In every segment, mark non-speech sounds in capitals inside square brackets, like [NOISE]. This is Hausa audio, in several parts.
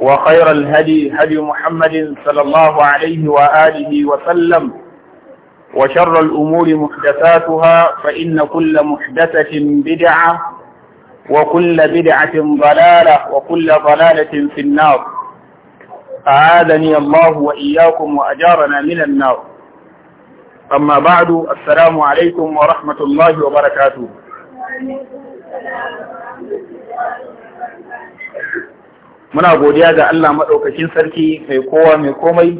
وخير الهدي هدي محمد صلى الله عليه وآله وسلم وشر الأمور محدثاتها فإن كل محدثة بدعة وكل بدعة ضلالة وكل ضلالة في النار أعاذني الله وإياكم وأجارنا من النار أما بعد السلام عليكم ورحمة الله وبركاته muna godiya ga Allah maɗaukakin sarki mai kowa mai komai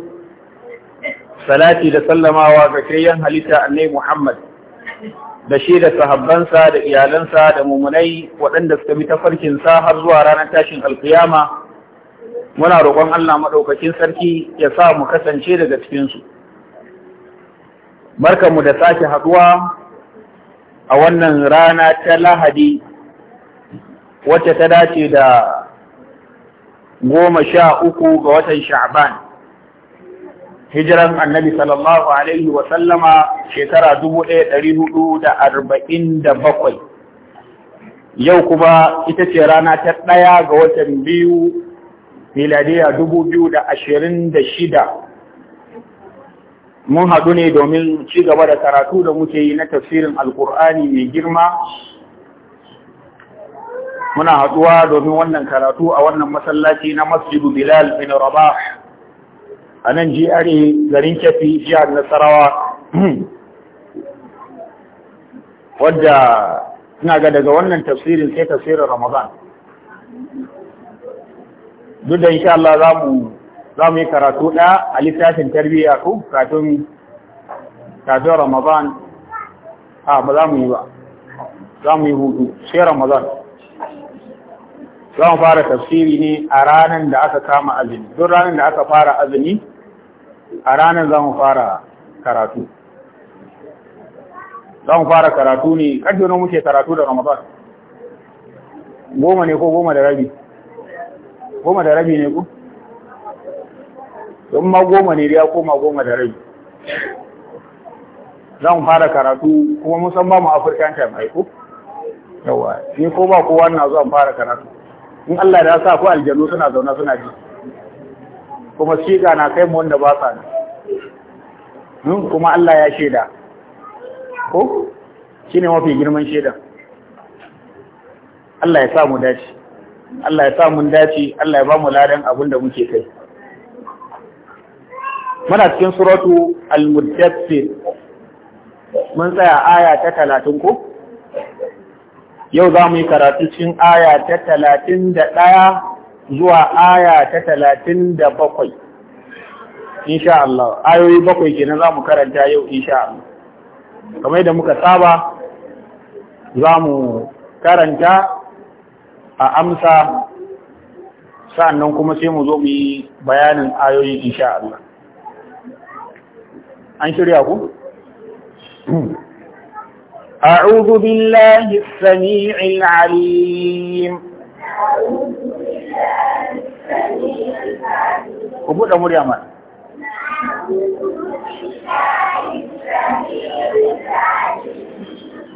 salati da sallamawa ga kayan halitta annai Muhammad da shi da sahabbansa da iyalansa da mumunai waɗanda suka bi sa har zuwa ranar tashin alkiyama muna roƙon Allah maɗaukakin sarki ya sa mu kasance daga cikinsu mu da sake haɗuwa a wannan rana ta lahadi wacce ta dace da goma sha uku ga watan sha'ban hijiran annabi sallallahu alaihi wa sallama shekara dubu ɗaya ɗari hudu da arba'in da bakwai yau kuma ita ce rana ta ɗaya ga watan biyu miladiya dubu biyu da ashirin da shida mun haɗu ne domin ci gaba da karatu da muke yi na tafsirin alkur'ani mai girma muna haɗuwa domin wannan karatu a wannan masallaci na masjidu bilal bin rabah a nan are garin kyafi jihar nasarawa [CLEARS THROAT] wadda ina ga daga wannan tafsirin sai tafsirin ramadan duk da insha Allah za mu yi karatu ɗaya a littafin tarbiyya ko kafin kafin ramadan a ba za mu yi ba za mu yi hudu sai ramadan za mu fara tafsiri ne a ranar da aka kama azumi duk ranar da aka fara azumi a ranar za mu fara karatu za mu fara karatu ne ƙarfe na muke karatu da ramadan goma ne ko goma da rabi goma da rabi ne ku don ma goma ne ya koma goma da rabi za mu fara karatu kuma musamman mu afirkan time aiko yawa ni ko ba kowa na zuwa fara karatu in Allah ya sa ko aljanu suna zaune suna ji kuma ga na kai mu wanda ba sa Mun? Hmm, kuma Allah ya shaida ko shine mafi girman sheda Allah ya sa mu dace Allah ya sa mun dace Allah ya ba mu ladan abin da muke kai muna cikin suratu al-muddathir mun tsaya aya ta 30 ko yau za mu yi karatu cikin aya ta talatin da ɗaya zuwa aya ta talatin da bakwai insha Allah ayoyi bakwai kenan za mu karanta yau insha Allah kamar yadda muka saba za mu karanta a amsa sa'annan kuma sai mu zo mu yi bayanin ayoyi insha Allah an shirya ku? أعوذ بالله السميع العليم السميع العليم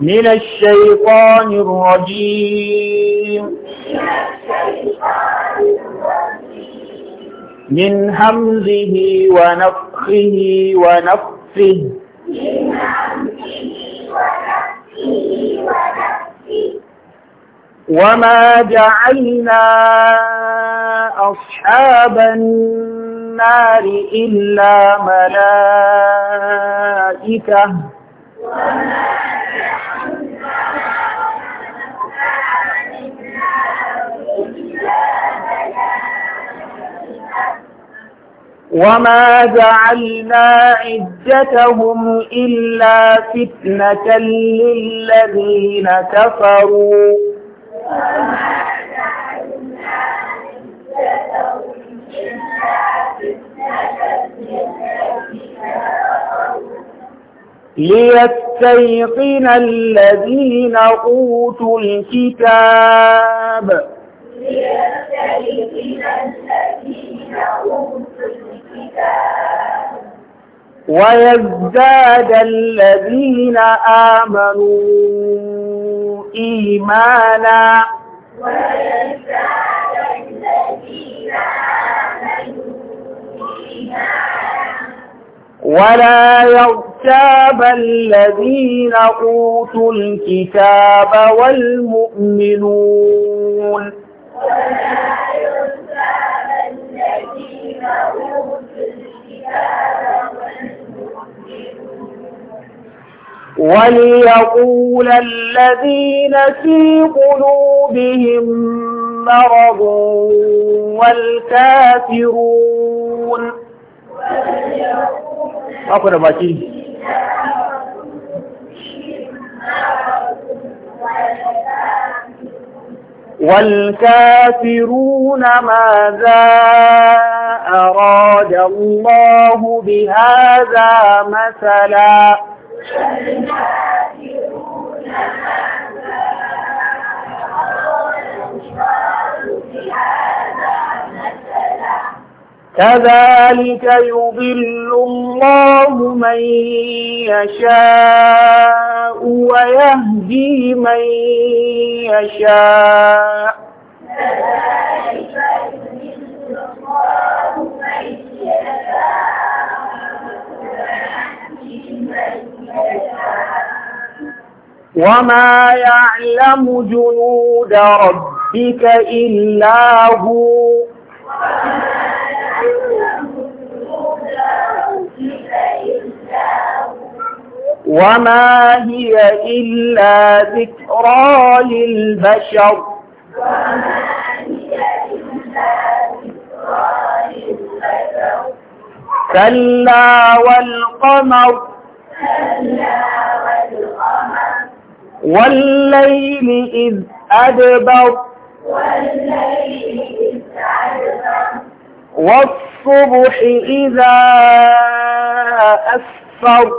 من الشيطان الرجيم من همزه ونفخه ونفثه وما جعلنا أصحاب النار إلا ملائكة وما وما جعلنا عدتهم إلا فتنة للذين كفروا ليستيقن الذين أوتوا الكتاب ليستيقن الذين أوتوا الكتاب ويزداد الذين آمنوا إيمانا ولا يغتاب الذين أوتوا الكتاب والمؤمنون ولا وليقول الذين في قلوبهم مرض والكافرون أقول باكي والكافرون ماذا أراد الله بهذا مثلاً كذلك يضل الله من يشاء ويهدي من يشاء كذلك يضل الله من يشاء وما يعلم جنود ربك إلا هو وما هي إلا ذكرى للبشر كلا والقمر والليل إذ أدبر والصبح إذا أسفر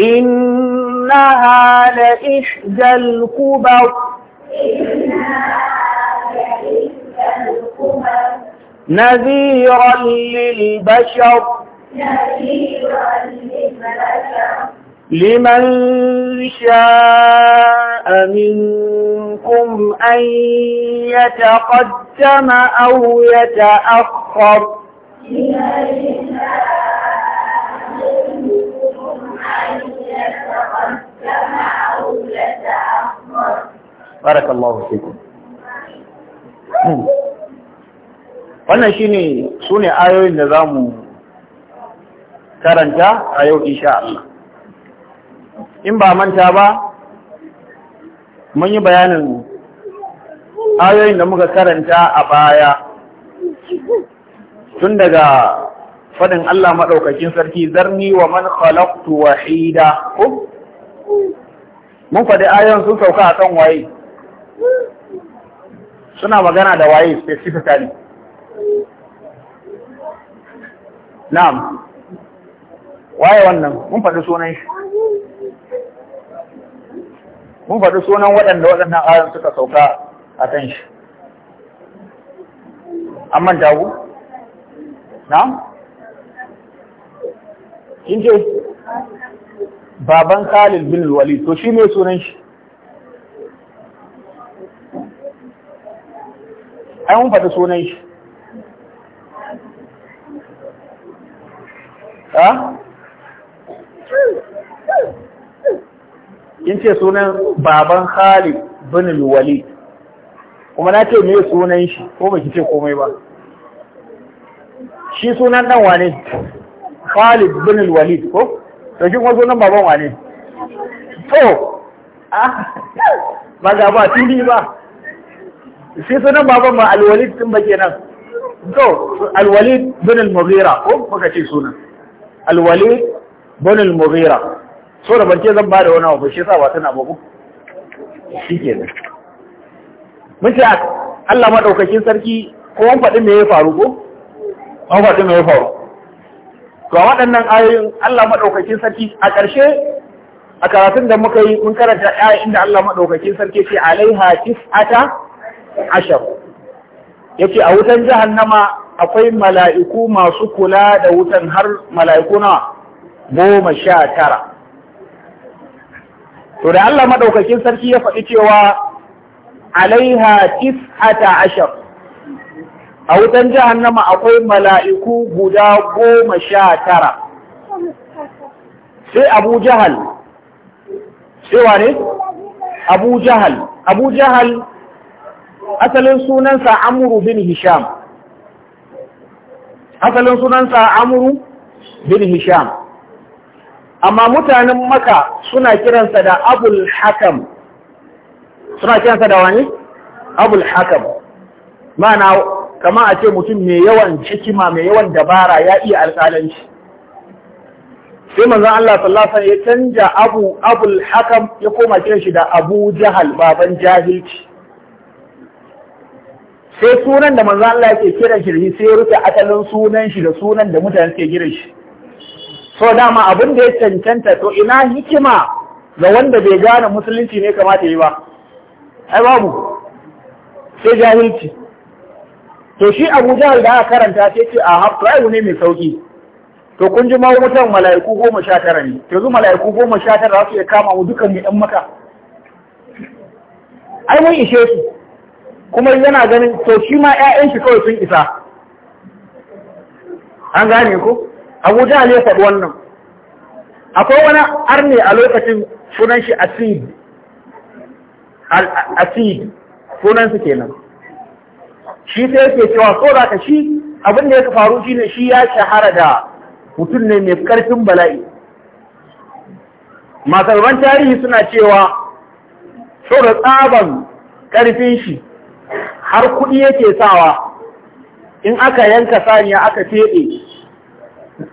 إنها لإحدى الكبر إنها نذيرا للبشر نذيرا للبشر لمن شاء منكم أن يتقدم أو يتأخر بارك الله فيكم wannan shine su ne ayoyin da za mu karanta a yau sha Allah in ba manta ba mun yi bayanin ayoyin da muka karanta a baya tun daga faɗin Allah maɗaukakin sarki zarni wa man khalaqtu wahida ko mun faɗi ayoyin sun sauka a kan waye suna magana da waye specifically na'am waye wannan mun faɗi sunan shi mun faɗi sunan waɗanda waɗannan ayoyin suka sauka a kan shi an manta na'am kin ce baban Khalil bin Walid to shi ne sunan shi ai mun faɗi sunan shi in kin ce sunan baban Khalid bin Walid kuma na ce me sunan shi ko ki ce komai ba shi sunan dan wane Khalid bin Walid ko to kin kuma sunan baban wane to ba ga ba tili ba shi sunan baban ma Al-Walid din ba kenan to Al-Walid bin Al-Mughira ko baka ce sunan Alwale bin al-mughira so da bance zan bada wani abu shi sa ba tana babu shikenan mun ce Allah madaukakin sarki ko an faɗi me ya faru ko an faɗi me ya faru to waɗannan ayoyin Allah madaukakin sarki a ƙarshe a karatun da muka yi mun karanta ayoyin inda Allah madaukakin sarki ce alaiha tis'ata ashar yake a wutan jahannama akwai mala'iku masu kula da wutan har mala'iku goma sha tara. To da Allah maɗaukakin sarki ya faɗi cewa alaiha tis'ata ashar. A wutan jahannama akwai mala'iku guda goma sha tara. Sai Abu Jahal, sai wane? Abu Jahal, Abu Jahal asalin sunansa Amuru bin Hisham. asalin sunansa amuru bin hisham amma mutanen maka suna kiransa da abul hakam suna kiransa da wani abul hakam ma'ana kama a ce mutum mai yawan cikima mai yawan dabara ya iya alƙalanci sai manzon Allah sallasa ya canja abu abul hakam ya koma kiran shi da abu jahal baban jahilci sai sunan da manzo Allah yake kira shi da shi sai ya rufe asalin sunan shi da sunan da mutane suke kira shi so dama abin da ya cancanta to ina hikima ga wanda bai gane musulunci ne kamata yi ba ai babu sai jahilci to shi Abu Jahl da aka karanta sai ce a hafta ai ne mai sauki to kun ji mutan mala'iku goma sha tara ne yanzu mala'iku goma sha tara za su iya kama mu dukan mu ɗan maka ai mun ishe su kuma yana ganin to shi ma 'ya'yan shi kawai sun isa an gane ku. Abu Jahl ya faɗi wannan akwai wani arne a lokacin sunan shi Asid asid sunan su kenan shi sai yake cewa so da ka shi abin da ya faru ne shi ya shahara da mutum ne mai karfin bala'i masarban tarihi suna cewa so da tsaban ƙarfin shi har kuɗi yake sawa in aka yanka saniya aka feɗe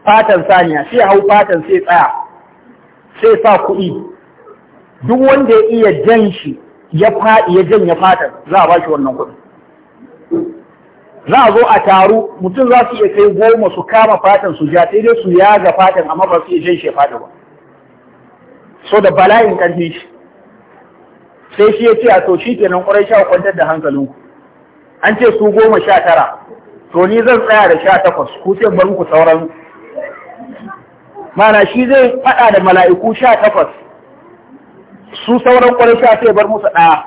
fatan saniya sai hau fatan sai tsaya sai sa kuɗi duk wanda ya iya jan shi ya faɗi ya janya fatan za a ba shi wannan kuɗi za a zo a taru mutum za su iya kai goma su kama fatan su ja sai dai su yaga fatan amma ba su iya jan shi ya fata ba so da bala'in ƙarfi shi sai shi ya ce a to shi kenan ƙwarai sha kwantar da hankalinku an ce su goma sha tara to ni zan tsaya da sha takwas ku sai bari ku sauran mana shi zai faɗa da mala'iku sha takwas su sauran ƙwarai sha sai bar musu ɗaya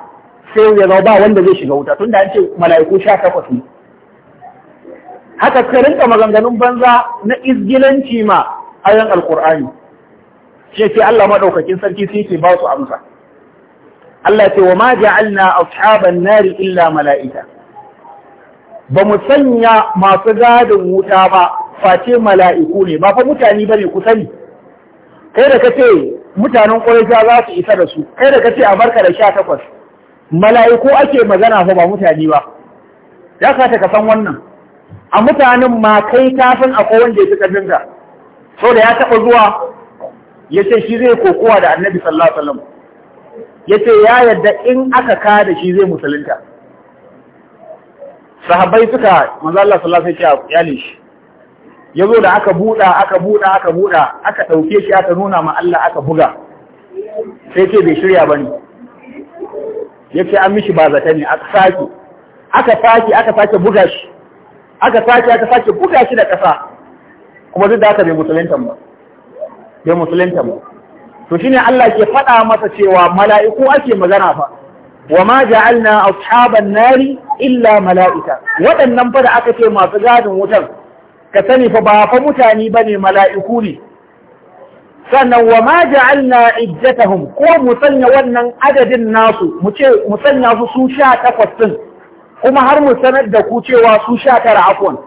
sai ya zau ba wanda zai shiga wuta tunda an ce mala'iku sha takwas ne haka ka maganganun banza na izgilanci ma ayan alkur'ani ce ke Allah maɗaukakin sarki sai ke ba su amsa Allah ce wa ma ja'alna ashaban nari illa mala'ika ba mu sanya masu gadin wuta ba face mala'iku ne ba fa mutane bane ku sani kai da kace mutanen ƙuraisha za su isa da su kai da kace a barka da sha takwas mala'iku ake magana fa ba mutane ba ya kata ka san wannan a mutanen ma kai ta san akwai wanda ya fi dinga saboda ya taɓa zuwa ya ce shi zai kokowa da annabi sallallahu alaihi wasallam ya ce ya yadda in aka da shi zai musulunta sahabbai suka manzo Allah a alaihi shi. ya zo da aka buɗa aka buɗa aka buɗa aka ɗauke shi aka nuna ma Allah aka buga sai ce bai shirya ba ne. Ya ce an mishi ba zata ne aka sake aka sake aka sake buga shi aka sake aka sake buga shi da ƙasa kuma duk da aka bai musulunta ba bai musulunta ba to shine Allah ke faɗa masa cewa mala'iku ake magana fa wa ma ja'alna ashaban nari illa mala'ika waɗannan fa da aka ce masu gadin wutar ka sani fa ba fa mutane bane mala'iku ne sannan wa ma ja'alna iddatahum ko mu sanya wannan adadin nasu mu ce mu sanya su su takwas ɗin. kuma har mu sanar da ku cewa su 19 afwan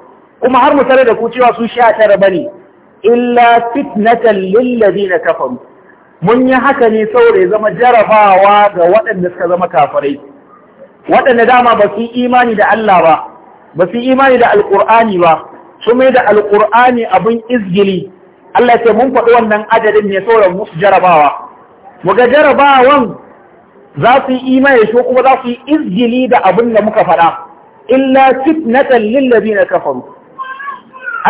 kuma har mu sanar da ku cewa su 19 bane illa fitnatan lil ladina kafaru mun yi haka ne saboda zama jarabawa ga waɗanda suka zama kafirai waɗanda dama ba su imani da Allah ba ba su imani da alƙur'ani ba su mai da alƙur'ani abin izgili Allah ce mun faɗi wannan adadin ne saboda musu jarabawa mu ga jarabawan za su yi imani shi kuma za su yi izgili da abin da muka faɗa illa fitnatan lil na kafaru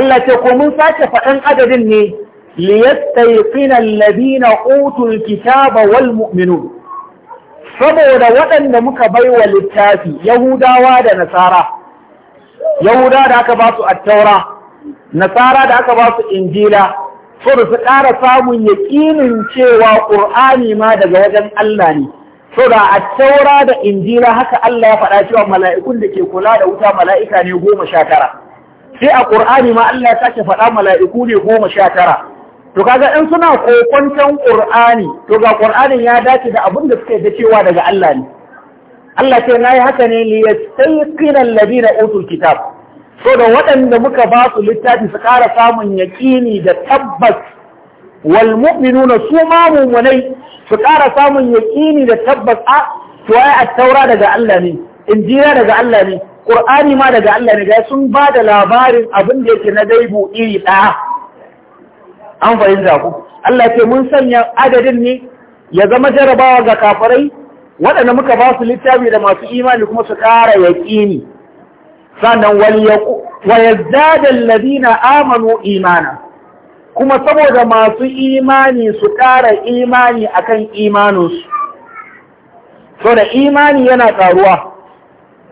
Allah ce ko mun sake faɗan adadin ne ليستيقن الذين أوتوا الكتاب والمؤمنون saboda waɗanda muka baiwa littafi Yahudawa da Nasara Yahuda da aka ba su attaura Nasara da aka ba su Injila so da su ƙara samun yaƙinin cewa Ƙur'ani ma daga wajen Allah ne so da attaura da Injila haka Allah ya faɗa cewa mala'ikun da ke kula da wuta mala'ika ne goma sha tara sai a Ƙur'ani ma Allah ya sake faɗa mala'iku ne goma sha tara to kaga in suna kokonton qur'ani to ga qur'anin ya dace da abin da suke da cewa daga Allah ne Allah ce nayi haka ne li yastayqina alladhina utul kitab so da waɗanda muka ba su littafi su ƙara samun yaƙini da tabbas wal mu'minuna su ma mumunai su ƙara samun yaƙini da tabbas a ah, to ai at-taura daga Allah ne injira daga Allah ne qur'ani ma daga Allah ne ga sun ba da labarin abin da yake na gaibu iri ɗaya an fahimta ku Allah ce mun sanya adadin ne ya zama jarabawa ga kafirai waɗanda muka ba su littafi da masu imani kuma su ƙara yaƙini sannan wa yazdada alladhina amanu imana kuma saboda masu imani su ƙara imani akan imaninsu so da imani yana ƙaruwa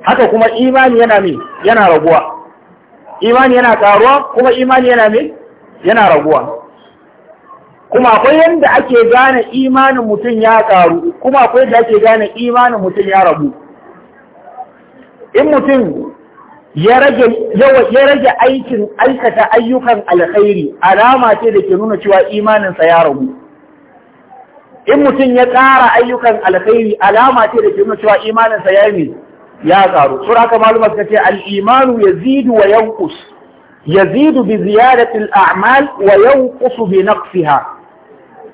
haka kuma imani yana me yana raguwa imani yana ƙaruwa kuma imani yana me yana raguwa kuma akwai yadda ake gane imanin mutum ya karu kuma akwai yadda ake gane imanin mutum ya rabu in mutum ya rage aikin aikata ayyukan alkhairi alama ce da ke nuna cewa imaninsa ya rabu in mutum ya tsara ayyukan alkhairi alama ce da ke nuna cewa imaninsa ya yi ya karu sura ka malumar ka ce al'imanu ya zidu wa yankus ya zidu bi ziyadatil a'mal wa yankusu bi ha.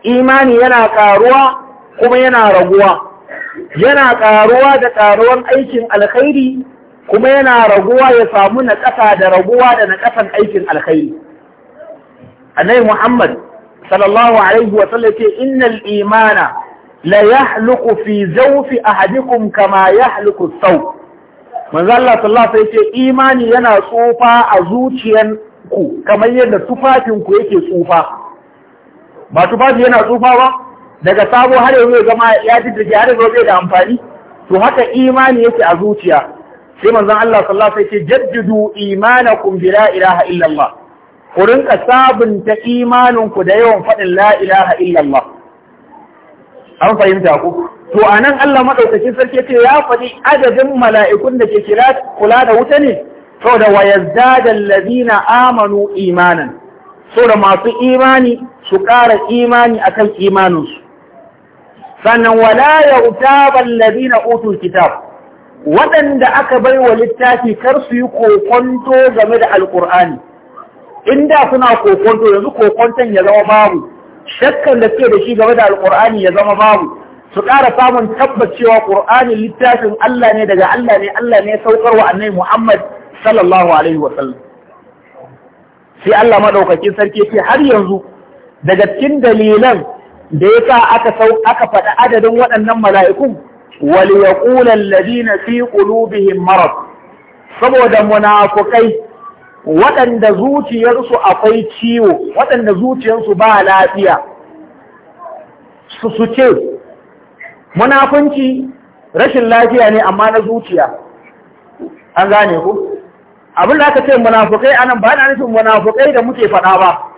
imani yana karuwa kuma yana raguwa yana karuwa da karuwan aikin alkhairi kuma yana raguwa ya samu na ƙasa da raguwa da na ƙasan aikin alkhairi annai muhammad sallallahu alaihi wa sallam ce innal imana la yahluqu fi zawfi ahadikum kama yahluqu sau manzo Allah sallallahu alaihi ce imani yana tsufa a zuciyan ku kamar yadda tufafin ku yake tsufa ba tufafi yana tsufa ba daga sabo har yanzu zama ya jijjige har yanzu zai da amfani to haka imani yake a zuciya sai manzon Allah sallallahu alaihi wasallam jaddidu imanakum bi la ilaha illa Allah ku rinka sabunta imaninku da yawan faɗin la ilaha illa Allah an fahimta ku to anan Allah madaukakin sarki yace ya faɗi adadin mala'ikun da ke kira kula da wuta ne saboda wa yazdada allazina amanu imanan saboda masu imani su ƙara imani akan imaninsu sannan wala ya utaba na utul kitab waɗanda aka bai wa littafi kar su yi kokonto game da alƙur'ani inda suna kokonto yanzu kokonton ya zama babu shakkan da suke da shi game da alƙur'ani ya zama babu su ƙara samun tabbacewa ƙur'ani littafin Allah ne daga Allah ne Allah ne saukar wa annabi Muhammad sallallahu alaihi wa sallam sai Allah madaukakin sarki ce har yanzu daga cikin dalilan da ya sa aka sau aka faɗi adadin waɗannan mala'ikun waliyaƙulan ladina fi ƙulubihin marar saboda munafukai waɗanda zuciyarsu akwai ciwo waɗanda zuciyarsu ba lafiya su su ce munafunci rashin lafiya ne amma na zuciya an gane ku abin da aka ce munafukai anan ba na nufin munafukai da muke faɗa ba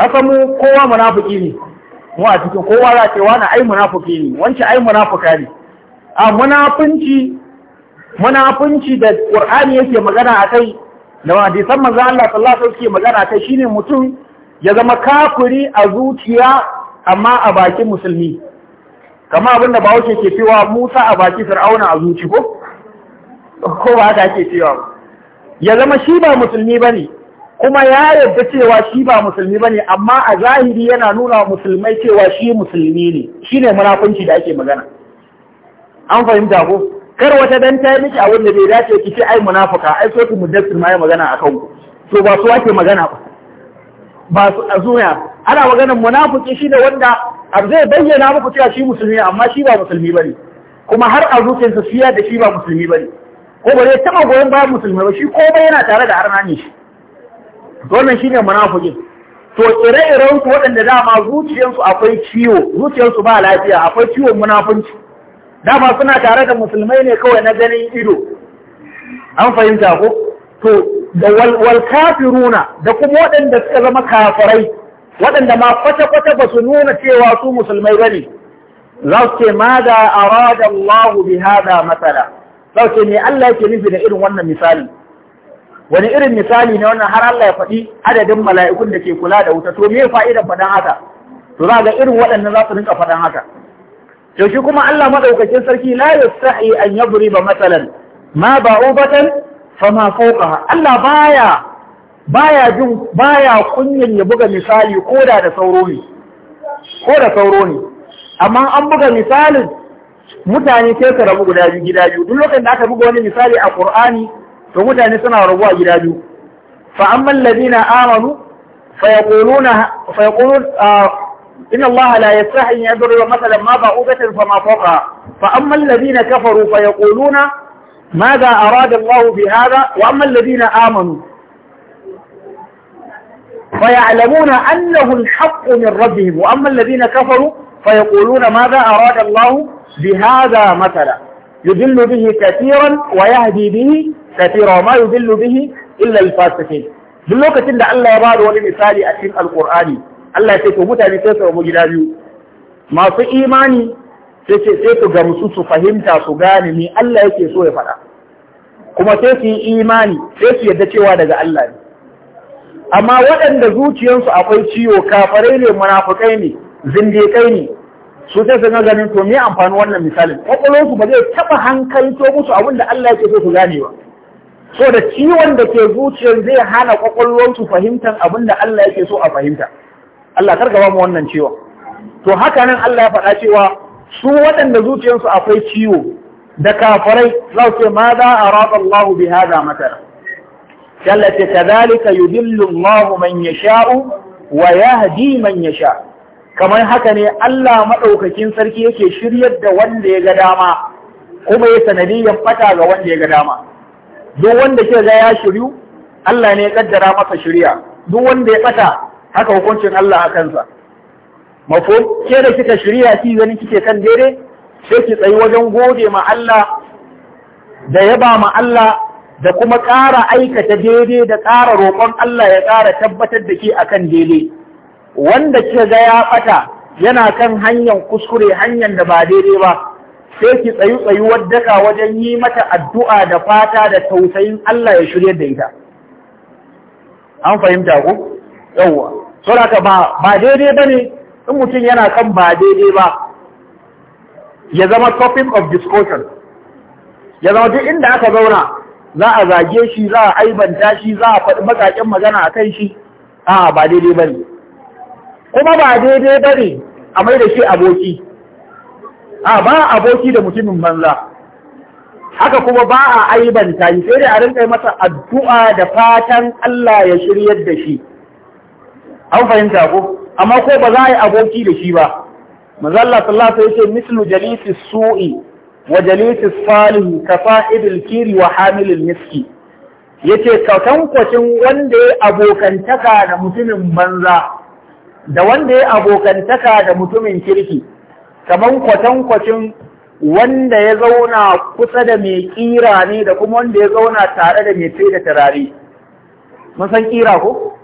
haka mu kowa munafiki ne mu a cikin kowa za ce wani ai munafiki ne wancan ai munafuka ne a munafunci munafunci da qur'ani yake magana akai da hadisan manzo Allah sallallahu alaihi wasallam magana akai shine mutum ya zama kafiri a zuciya amma a bakin musulmi kama abin da bahaushe ke cewa Musa a baki Fir'auna a zuci ko ko ba haka ke cewa ya zama shi ba musulmi bane kuma ya yadda cewa shi ba musulmi bane amma a zahiri yana nuna wa musulmai cewa shi musulmi ne shine munafunci da ake magana an fahimta ko kar wata dan ta miki abin da bai dace ki ce ai munafuka ai so ki mudassir ma ya magana akan ku to ba su ake magana ba ba su azuya ana maganar munafiki shi da wanda zai bayyana muku cewa shi musulmi amma shi ba musulmi bane kuma har a zuciyarsa shi da shi ba musulmi bane ko bare taba goyon bayan musulmi ba shi komai yana tare da arnani shi wannan ne munafukin, to ire-iren su waɗanda dama zuciyarsu akwai ciwo zuciyarsu ba lafiya akwai ciwon munafunci dama suna tare da musulmai ne kawai na ganin ido an fahimta ko to da wal kafiruna da kuma waɗanda suka zama kafirai waɗanda ma kwata-kwata ba su nuna cewa su musulmai ba ne za su ce ma da arada Allah bi haɗa matsala za su ce ne Allah yake nufi da irin wannan misali wani irin misali ne wannan har Allah ya faɗi adadin mala'ikun da ke kula da wuta to me fa'idan faɗan haka to za ga irin waɗannan za su rinka faɗan haka to shi kuma Allah maɗaukakin sarki la yastahi an ba masalan ma ba'ubatan ma fawqaha Allah baya baya jin baya kunyan ya buga misali koda da sauro ne ko da sauro ne amma an buga misalin mutane sai su guda biyu gida biyu duk lokacin da aka buga wani misali a Qur'ani to mutane suna rabuwa gida biyu fa amma alladhina amanu fa yaquluna fa yaqulun inna allaha la yastahi an yadriba mathalan ma ba'udatan fama fawqa fa amma alladhina kafaru fa yaquluna ماذا أراد الله بهذا وأما الذين آمنوا فيعلمون أنه الحق من ربهم وأما الذين كفروا فيقولون ماذا أراد الله بهذا مثلا يدل به كثيرا ويهدي به kathira wa ma yudillu bihi illa al-fasiqin duk lokacin da Allah ya ba da wani misali a cikin alqur'ani Allah ya ce to mutane sai su rabu gida biyu masu imani sai ce sai su gamsu su fahimta su gane ni Allah yake so ya faɗa kuma sai su yi imani sai su yarda cewa daga Allah ne amma waɗanda zuciyarsu akwai ciwo kafarai ne munafukai ne zindikai ne su sai sun ganin to me amfani wannan misalin Ƙwaƙwalwansu ba zai taɓa hankali to musu abun da Allah yake so su gane ba so da ciwon da ke zuciyar zai hana kwakwalwarsu fahimtar abin da Allah yake so a fahimta Allah karka ba mu wannan ciwon to haka nan Allah ya faɗa cewa su waɗanda zuciyarsu akwai ciwo da kafarai za su ce ma za a rata Allah bi hada matara Allah ce kadhalika yudillu Allah man wa yahdi man sha." kamar haka ne Allah maɗaukakin sarki yake shiryar da wanda ya ga dama kuma ya sanadiyyar fata ga wanda ya ga dama duk wanda ke ga ya shiryu Allah ne ya ƙaddara masa shirya duk wanda ya ɓata haka hukuncin Allah a kansa mafo ke da kika shirya ki ganin kike kan daidai sai ki tsayi wajen gode ma Allah da yaba ma Allah da kuma ƙara aikata daidai da ƙara roƙon Allah ya ƙara tabbatar da ke a kan daidai wanda ke ga ya ɓata yana kan hanyar kuskure hanyar da ba daidai ba sai ki tsayu tsayuwar daka wajen yi mata addu'a da fata da tausayin Allah ya shirya da ita an fahimta ku yawwa sura ba ba daidai ba ne. in mutum yana kan ba daidai ba ya zama topic of discussion ya zama duk inda aka zauna za a zage shi za a aibanta shi za a faɗi makakin magana a kan shi a ba daidai ba ne. kuma ba daidai ne a mai da shi aboki a ba aboki da mutumin banza haka kuma ba a aibanta yi sai dai a rinka masa addu'a da fatan Allah ya shirya da shi an fahimta ko amma ko ba za a yi aboki da shi ba mazalla sallata ya ce mislu jalisi su'i wa jalisi salih ka fa'idil kiri wa hamilil miski ya ce katankwacin wanda ya abokantaka da mutumin banza da wanda ya abokantaka da mutumin kirki kaman kwatankwacin wanda ya zauna kusa da mai kira ne da kuma wanda ya zauna tare da mai sai da turare mun san kira ko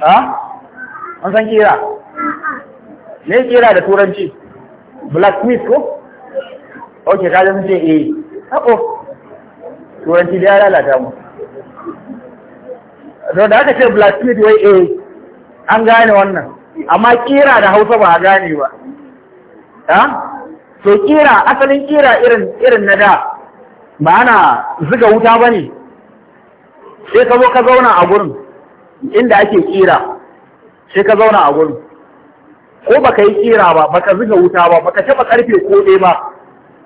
ha mun san kira ne kira da turanci blacksmith ko okay kaje sun ce eh hako turanci da ya lalata mu Zau da aka ce blacksmith wai eh an gane wannan amma kira da hausa ba a gane ba to kira asalin kira irin irin na da ba ana zuga wuta ba ne sai ka zo ka zauna a gurin inda ake kira sai ka zauna a gurin ko baka yi kira ba baka zuga wuta ba baka taba karfe ko ɗaya ba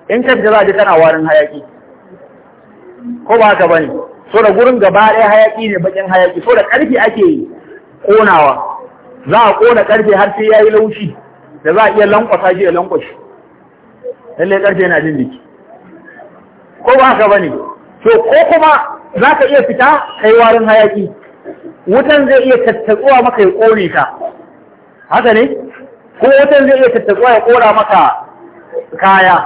in ka fita za ji kana warin hayaki ko ba haka bane so da gurin gaba ɗaya hayaki ne bakin hayaki so da karfe ake konawa za a kona karfe har sai yayi laushi da za a iya lankwasa shi a lankwashi lalle ƙarfe yana jin jiki ko ba haka bane to ko kuma za ka iya fita kai warin hayaki wutan zai iya tattatsuwa maka ya ƙori ka haka ne ko wutan zai iya tattatsuwa ya ƙora maka kaya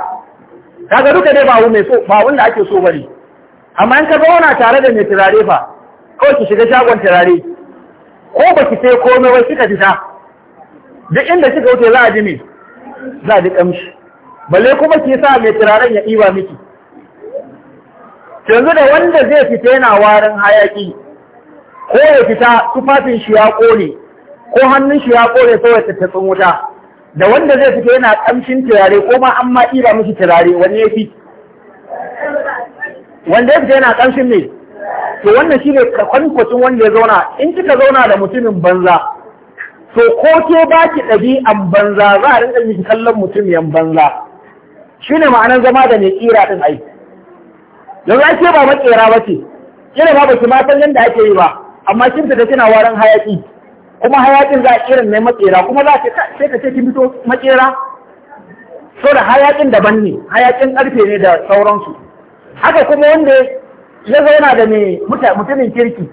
ga duka dai ba mai so ba wanda ake so bane amma in ka wana tare da mai turare fa kawai ki shiga shagon turare ko ba ki sai komai wai kika fita duk inda suka wuce za a ji mai za a ji kamshi balle kuma ke sa mai turaren ya ɗiba miki yanzu da wanda zai fita yana warin hayaki ko ya fita tufafin shi ya ƙone ko hannun shi ya ƙone saboda tattaɓin wuta da wanda zai fita yana ƙamshin turare ko ma an ma ɗiba miki turare wani ya fi wanda ya fita yana ƙamshin ne to wannan shi ne kwankwacin wanda ya zauna in kika zauna da mutumin banza to ko ke baki ɗabi'an banza za a rinka yi kallon mutum yan banza shi ne ma'anar zama da mai kira ɗin ai yanzu ake ba maƙera ba ce kira ba ba ki ma san yadda ake yi ba amma kin ta kina warin hayaki kuma hayakin za a kiran mai maƙera, kuma za ka sai ka ce kin fito maƙera. so da hayakin daban ne hayaƙin karfe ne da sauransu haka kuma wanda ya zauna da mai mutumin kirki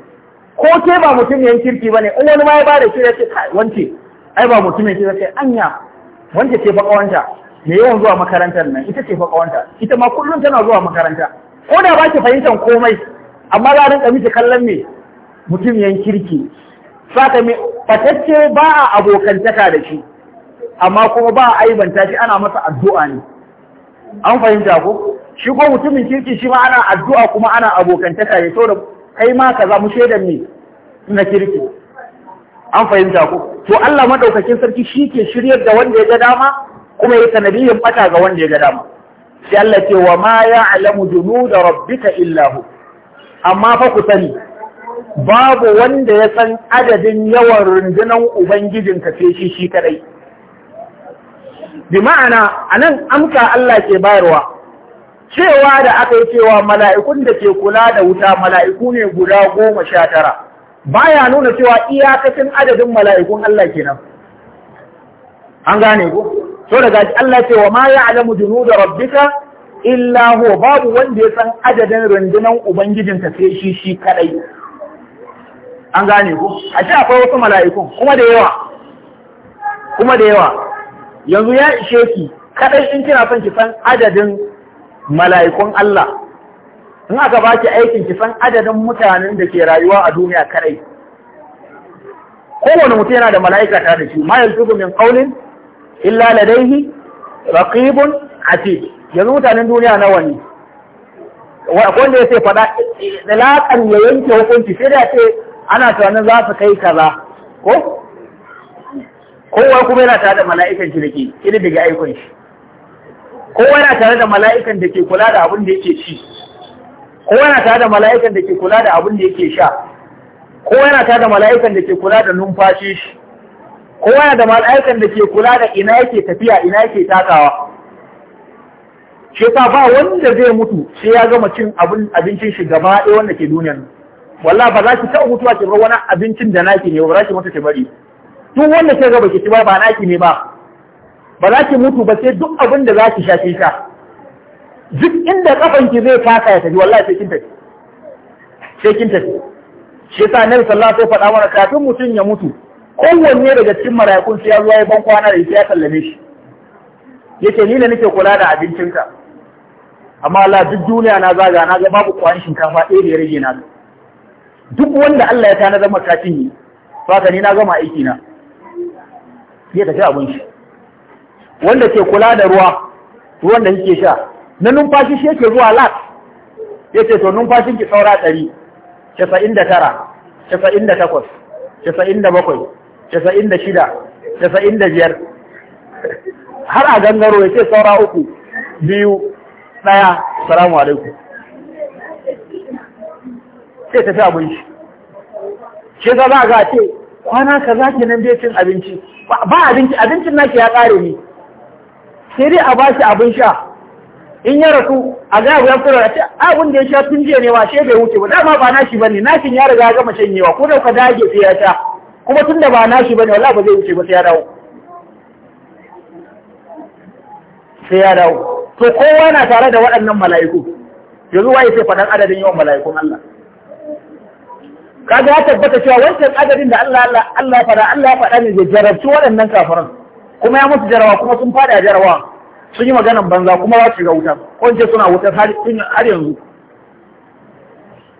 ko ke ba mutum yan kirki ba ne in wani ma ya bada shi ya ce wance ai ba mutumin shi ya ce anya wance ce fa kawanta me yawan zuwa makarantar nan ita ce fa kawanta ita ma kullum tana zuwa makaranta ko da ba ki fahimtar komai amma za a rinka miki kallon me mutum yan kirki saka me fatacce ba a abokantaka da shi amma kuma ba a aibanta shi ana masa addu'a ne an fahimta ko shi ko mutumin kirki shi ma ana addu'a kuma ana abokantaka ne saboda kai ma ka zamu shaidan ne na kirki an fahimta ku to Allah madaukakin sarki shi ke shiryar da wanda ya ga dama kuma ya sanadiyin bata ga wanda ya ga dama sai Allah ce wa ma ya'lamu junud rabbika illa hu amma fa ku sani babu wanda ya san adadin yawan rundunan ubangijin sai shi shi kadai bi ma'ana anan amsa Allah ke bayarwa cewa da aka yi cewa mala'ikun da ke kula da wuta mala'iku ne guda goma sha tara baya nuna cewa iyakacin adadin mala'ikun Allah kenan an gane ku so daga Allah cewa ma Junu da rabbika illa ho babu wanda ya san adadin rundunan ta sai shi shi kadai an gane ku a ce akwai wasu mala'ikun kuma da yawa kuma da yawa yanzu ya ishe ki kadai in kina son ki san adadin mala'ikun Allah in aka baki aikin ki san adadin mutanen da ke rayuwa a duniya kadai kowane mutum yana da mala'ika ta da shi ma yanzu min qaulin illa ladaihi raqibun atid yanzu mutanen duniya nawa ne wanda ya ce da laƙan ya yanke hukunci sai da ce ana tunanin za su kai kaza ko kowa kuma yana tare da mala'ikan shi da ke daga aikon shi kowa yana tare da mala'ikan da ke kula da abin da yake ci kowa yana tare da mala'ikan da ke kula da abin da yake sha kowa yana tare da mala'ikan da ke kula da numfashi shi kowa yana da mala'ikan da ke kula da ina yake tafiya ina yake takawa Shefa ba wanda zai mutu sai ya gama cin abincin shi gaba ɗaya wanda ke duniyan. Walla ba za ki taɓa mutuwa ki bar wani abincin da naki ne ba za ki mutu ki bari duk wanda ke gaba ki ci ba ba naki ne ba ba za ki mutu ba sai duk abin da za ki sha kin sha duk inda kafanki zai taka ya tafi wallahi sai kin tafi sai kin tafi shi yasa annabi sallallahu alaihi wasallam faɗa mana kafin mutum ya mutu kowanne daga cikin marayakun sai ya zo ya ban kwana da ya sallame shi yace ni ne nake kula da abincinka amma Allah duk duniya na zaga na ga babu kwani shinkafa ɗaya da ya rage na duk wanda Allah ya tana zama kafin yi ka ni na gama aiki na ya tafi abin shi wanda ke kula da ruwa ruwan da yake sha na numfashi shi yake zuwa lat yace to numfashin ki saura ɗari, casa'in casa'in casa'in da da da tara, takwas, bakwai, casa'in da shida, casa'in da biyar. [LAUGHS] har a gangaro ya ce saura uku biyu ɗaya salamu alaikum sai tafi abinci shi za ga ce kwana ka kaza nan bai cin abinci ba abinci abincin naki ya kare ni sai a ba shi abin sha in ya rasu a ga abu ya fura a ce abin da ya sha tun jiya ne wa shi bai wuce ba dama ba nashi bane nashin ya riga gama shanyewa ko da ka dage sai ya sha kuma tun da ba nashi bane wallahi ba zai wuce ba sai ya dawo sai ya dawo to kowa na tare da waɗannan mala'iku yanzu waye sai faɗan adadin yawan mala'ikun Allah kaga ya tabbata cewa wancan adadin da Allah Allah Allah faɗa Allah faɗa ne da jarabci waɗannan kafiran kuma ya musu jarawa kuma sun faɗa jarawa sun yi maganan banza kuma ba ga wutar ko ce suna wutar har yanzu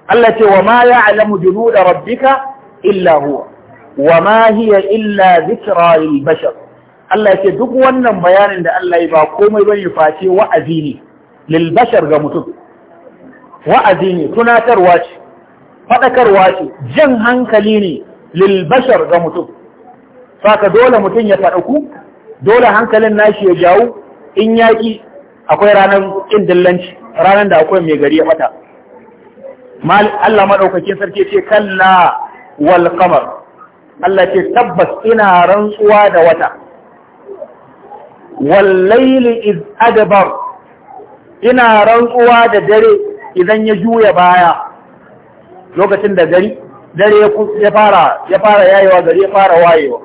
Allah ce wa ma ya'lamu junuda rabbika illa huwa wa ma hiya illa dhikra lil bashar Allah ce duk wannan bayanin da Allah ya ba komai bane face wa'azi ne lil bashar ga mutum wa'azi ne tunatarwa ce fadakarwa ce jan hankali ne lil bashar ga mutum saka dole mutum ya fadaku dole hankalin nashi ya jawo in yaƙi akwai ranar ƙin dillanci ranar da akwai mai gari ya ɓata Allah maɗaukakin sarki ce kalla wal qamar Allah ce tabbas ina rantsuwa da wata Wallaili is adabar. ina rantsuwa da dare idan ya juya baya lokacin da gari dare ya fara yayewa gari ya fara wayewa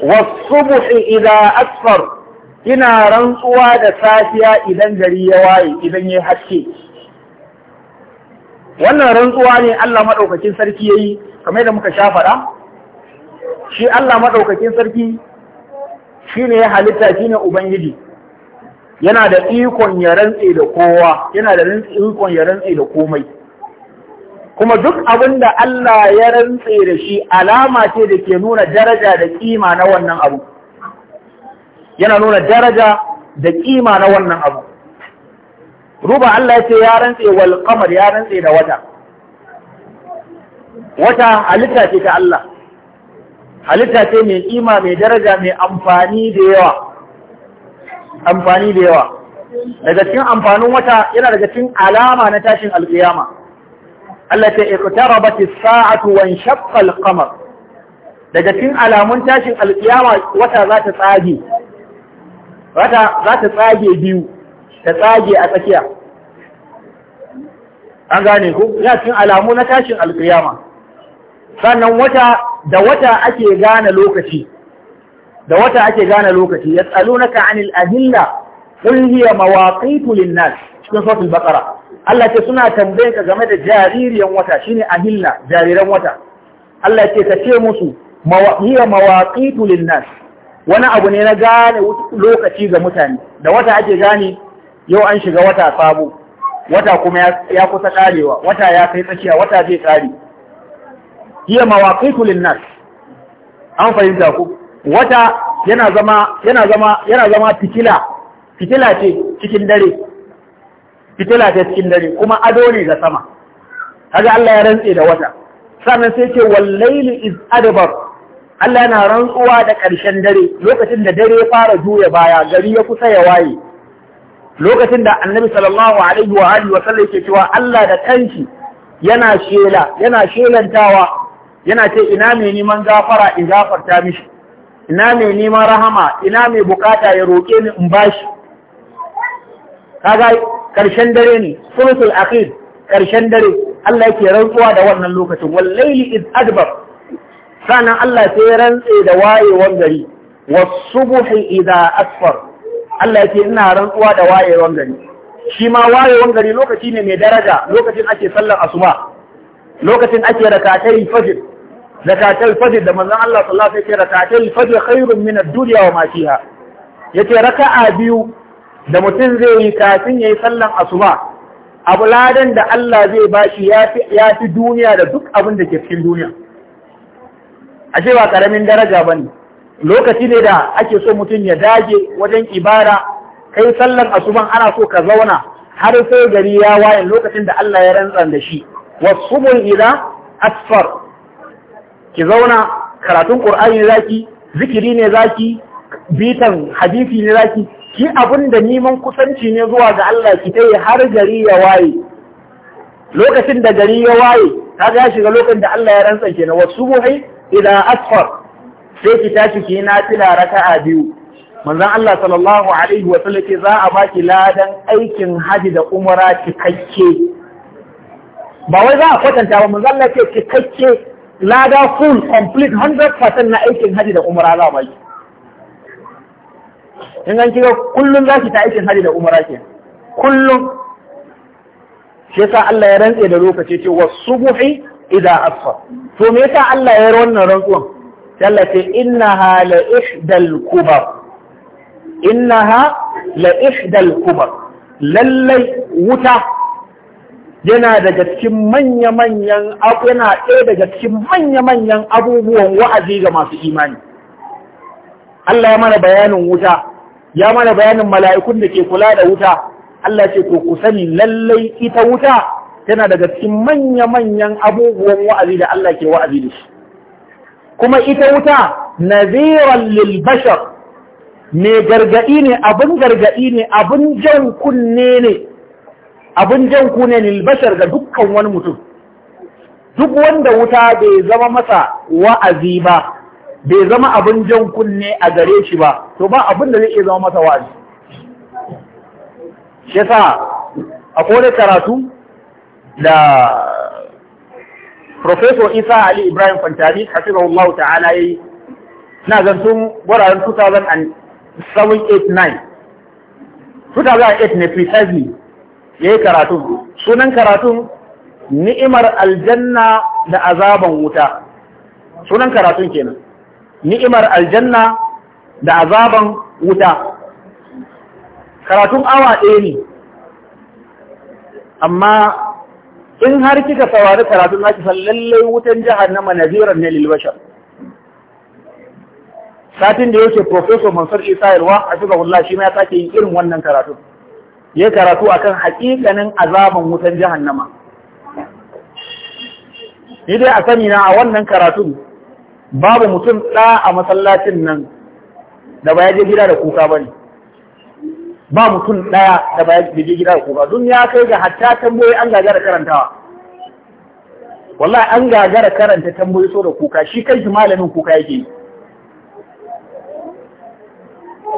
Wasu buɗe idan asfar ina rantsuwa da safiya idan gari ya waye idan ya haske wannan rantsuwa ne Allah maɗaukakin sarki ya yi kamar da muka sha faɗa shi Allah maɗaukakin sarki shi ne ya halitta shi ne Ubangiji yana da ikon ya rantse da kowa yana da ikon ya rantse da komai kuma duk abin da Allah ya rantse da shi alama ce da ke nuna daraja da kima na wannan abu. yana nuna daraja da kima na wannan abu ruba Allah ya ce ya rantse wal qamar ya rantse da wata wata halitta ce ta Allah halitta ce mai kima mai daraja mai amfani da yawa amfani da yawa daga cikin amfanin wata yana daga cikin alama na tashin alƙiyama Allah ta iqtarabat as-sa'atu wa shaqqa al-qamar daga cikin alamun tashin alƙiyama wata za ta tsage wata za ta tsage biyu ta tsage a tsakiya an gane ku ya cin alamu na tashin alkiyama sannan wata da wata ake gane lokaci da wata ake gane lokaci na 'anil ahilla sun hiya mawaqitu lin cikin suratul bakara Allah ce suna tambayin ka game da jaririyan wata shine ahilla jariran wata Allah ce ka ce musu hiya mawaqitu lin wani abu ne na gane lokaci ga mutane da wata ake gane yau an shiga wata sabo wata kuma ya kusa karewa wata ya kai tsakiya wata zai kare mawa mawaqitu nas. an fahimta ku wata yana zama yana zama yana zama fitila fitila ce cikin dare fitila ce cikin dare kuma ado ne ga sama kaga Allah ya rantse da wata sannan sai ce wallaili iz adbar Allah na rantsuwa da ƙarshen dare lokacin da dare fara juya baya gari ya kusa ya waye lokacin da annabi sallallahu alaihi wa alihi wa sallam yake cewa Allah da kanshi yana shela yana shelantawa yana ce ina mai neman gafara in gafarta mishi ina mai neman rahama ina mai bukata ya roke ni in bashi kaga ƙarshen dare ne sulusul akhir ƙarshen dare Allah yake rantsuwa da wannan lokacin wallaili iz adbar sannan Allah sai ya rantse da wayewar gari wasubuhi idza asfar Allah yake ina rantsuwa da wayewar gari shi ma wayewar gari lokaci ne mai daraja lokacin ake sallar asuba lokacin ake rakatai fajr rakatai fajr da manzon Allah sallallahu alaihi wasallam yake rakatai fajr khairun min ad-dunya wa ma fiha yake raka'a biyu da mutum zai yi kafin yayi sallar asuba abu ladan da Allah zai bashi yafi fi duniya da duk abin da ke cikin duniya ashe ba karamin daraja ba ne. lokaci ne da ake so mutum ya dage wajen ibada kai sallan asuban ana so ka zauna har sai gari ya waye lokacin da Allah ya rantsan da shi wasubul ila asfar ki zauna karatun qur'ani zaki zikiri ne zaki bitan hadisi ne zaki ki abin da neman kusanci ne zuwa ga Allah ki tayi har gari ya waye lokacin da gari ya waye kaga ya shiga lokacin da Allah ya rantsa kenan wasubuhi idan asfar sai ki tashi ki na tila a biyu manzon Allah sallallahu alaihi wa sallam ke za a baki ladan aikin haji da umara cikakke ba wai za a kwatanta ba manzon Allah ce cikakke lada full complete 100% na aikin haji da umara za a baki in an kiga kullum za ki ta aikin haji da umara ke kullum shi yasa Allah ya rantse da lokaci ce subuhi. idza asfar to me yasa Allah ya yi wannan rantsuwan sai Allah ce ha la ihdal kubar ha la ihdal kubar lallai wuta yana daga cikin manya-manyan yana ɗaya daga cikin manya-manyan abubuwan wa'azi ga masu imani Allah ya mana bayanin wuta ya mana bayanin mala'ikun da ke kula da wuta Allah ce ko ku sani lallai ita wuta yana daga cikin manya-manyan abubuwan wa'azi da Allah ke wa'azi da shi kuma ita wuta naziran lil bashar me gargaɗi ne abin gargaɗi ne abin jan kunne ne abin jan kunne lil bashar ga dukkan wani mutum duk wanda wuta bai zama masa wa'azi ba bai zama abin jan kunne a gare shi ba to ba abin da zai iya zama masa wa'azi shi yasa a karatu da Professor Isa Ali Ibrahim Fantami Allah ta'ala yi na zantun wuraren 2007 na 2008 ne precisely yi karatun. sunan karatun ni'imar aljanna da azaban wuta sunan karatun kenan ni'imar aljanna da azaban wuta karatun awa ɗaya ne amma in har kika saurari karatun naki san lallai wutan jahannama naziran ne lil satin da yake professor Mansur Isa Yarwa a shugabullah shi ma ya sake yin irin wannan karatu ya karatu akan hakikanin azaban wutan jahannama ni dai a sani na a wannan karatu babu mutum ɗa a masallacin nan da ba ya je gida da kuka bane ba mutum ɗaya da bayan da je gida ko kuka don ya kai ga hatta tamboyi an gagara karantawa wallahi an gagara karanta tamboyi so da kuka shi kai shi malamin kuka yake yi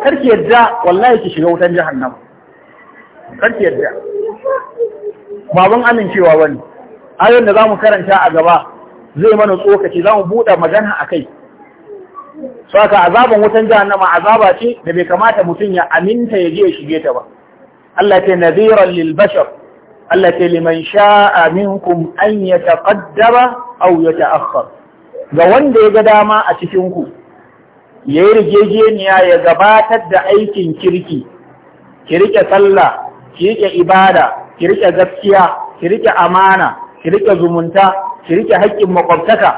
karki yadda wallahi ki shiga wutan jahannama karki yadda baban amincewa wani ayon da zamu karanta a gaba zai mana tsokaci zamu buɗe magana a kai saka azaban wutan jahannama azaba ce da bai kamata mutum ya aminta ya je ya shige ta ba Allah ce nadhiran lil bashar Allah ce liman sha'a minkum an yataqaddama aw yata'akhkhar ga wanda ya ga dama a cikin ku yayi rigejeniya ya gabatar da aikin kirki ki rike sallah ki rike ibada ki rike gaskiya ki rike amana ki rike zumunta ki rike haƙƙin makwabtaka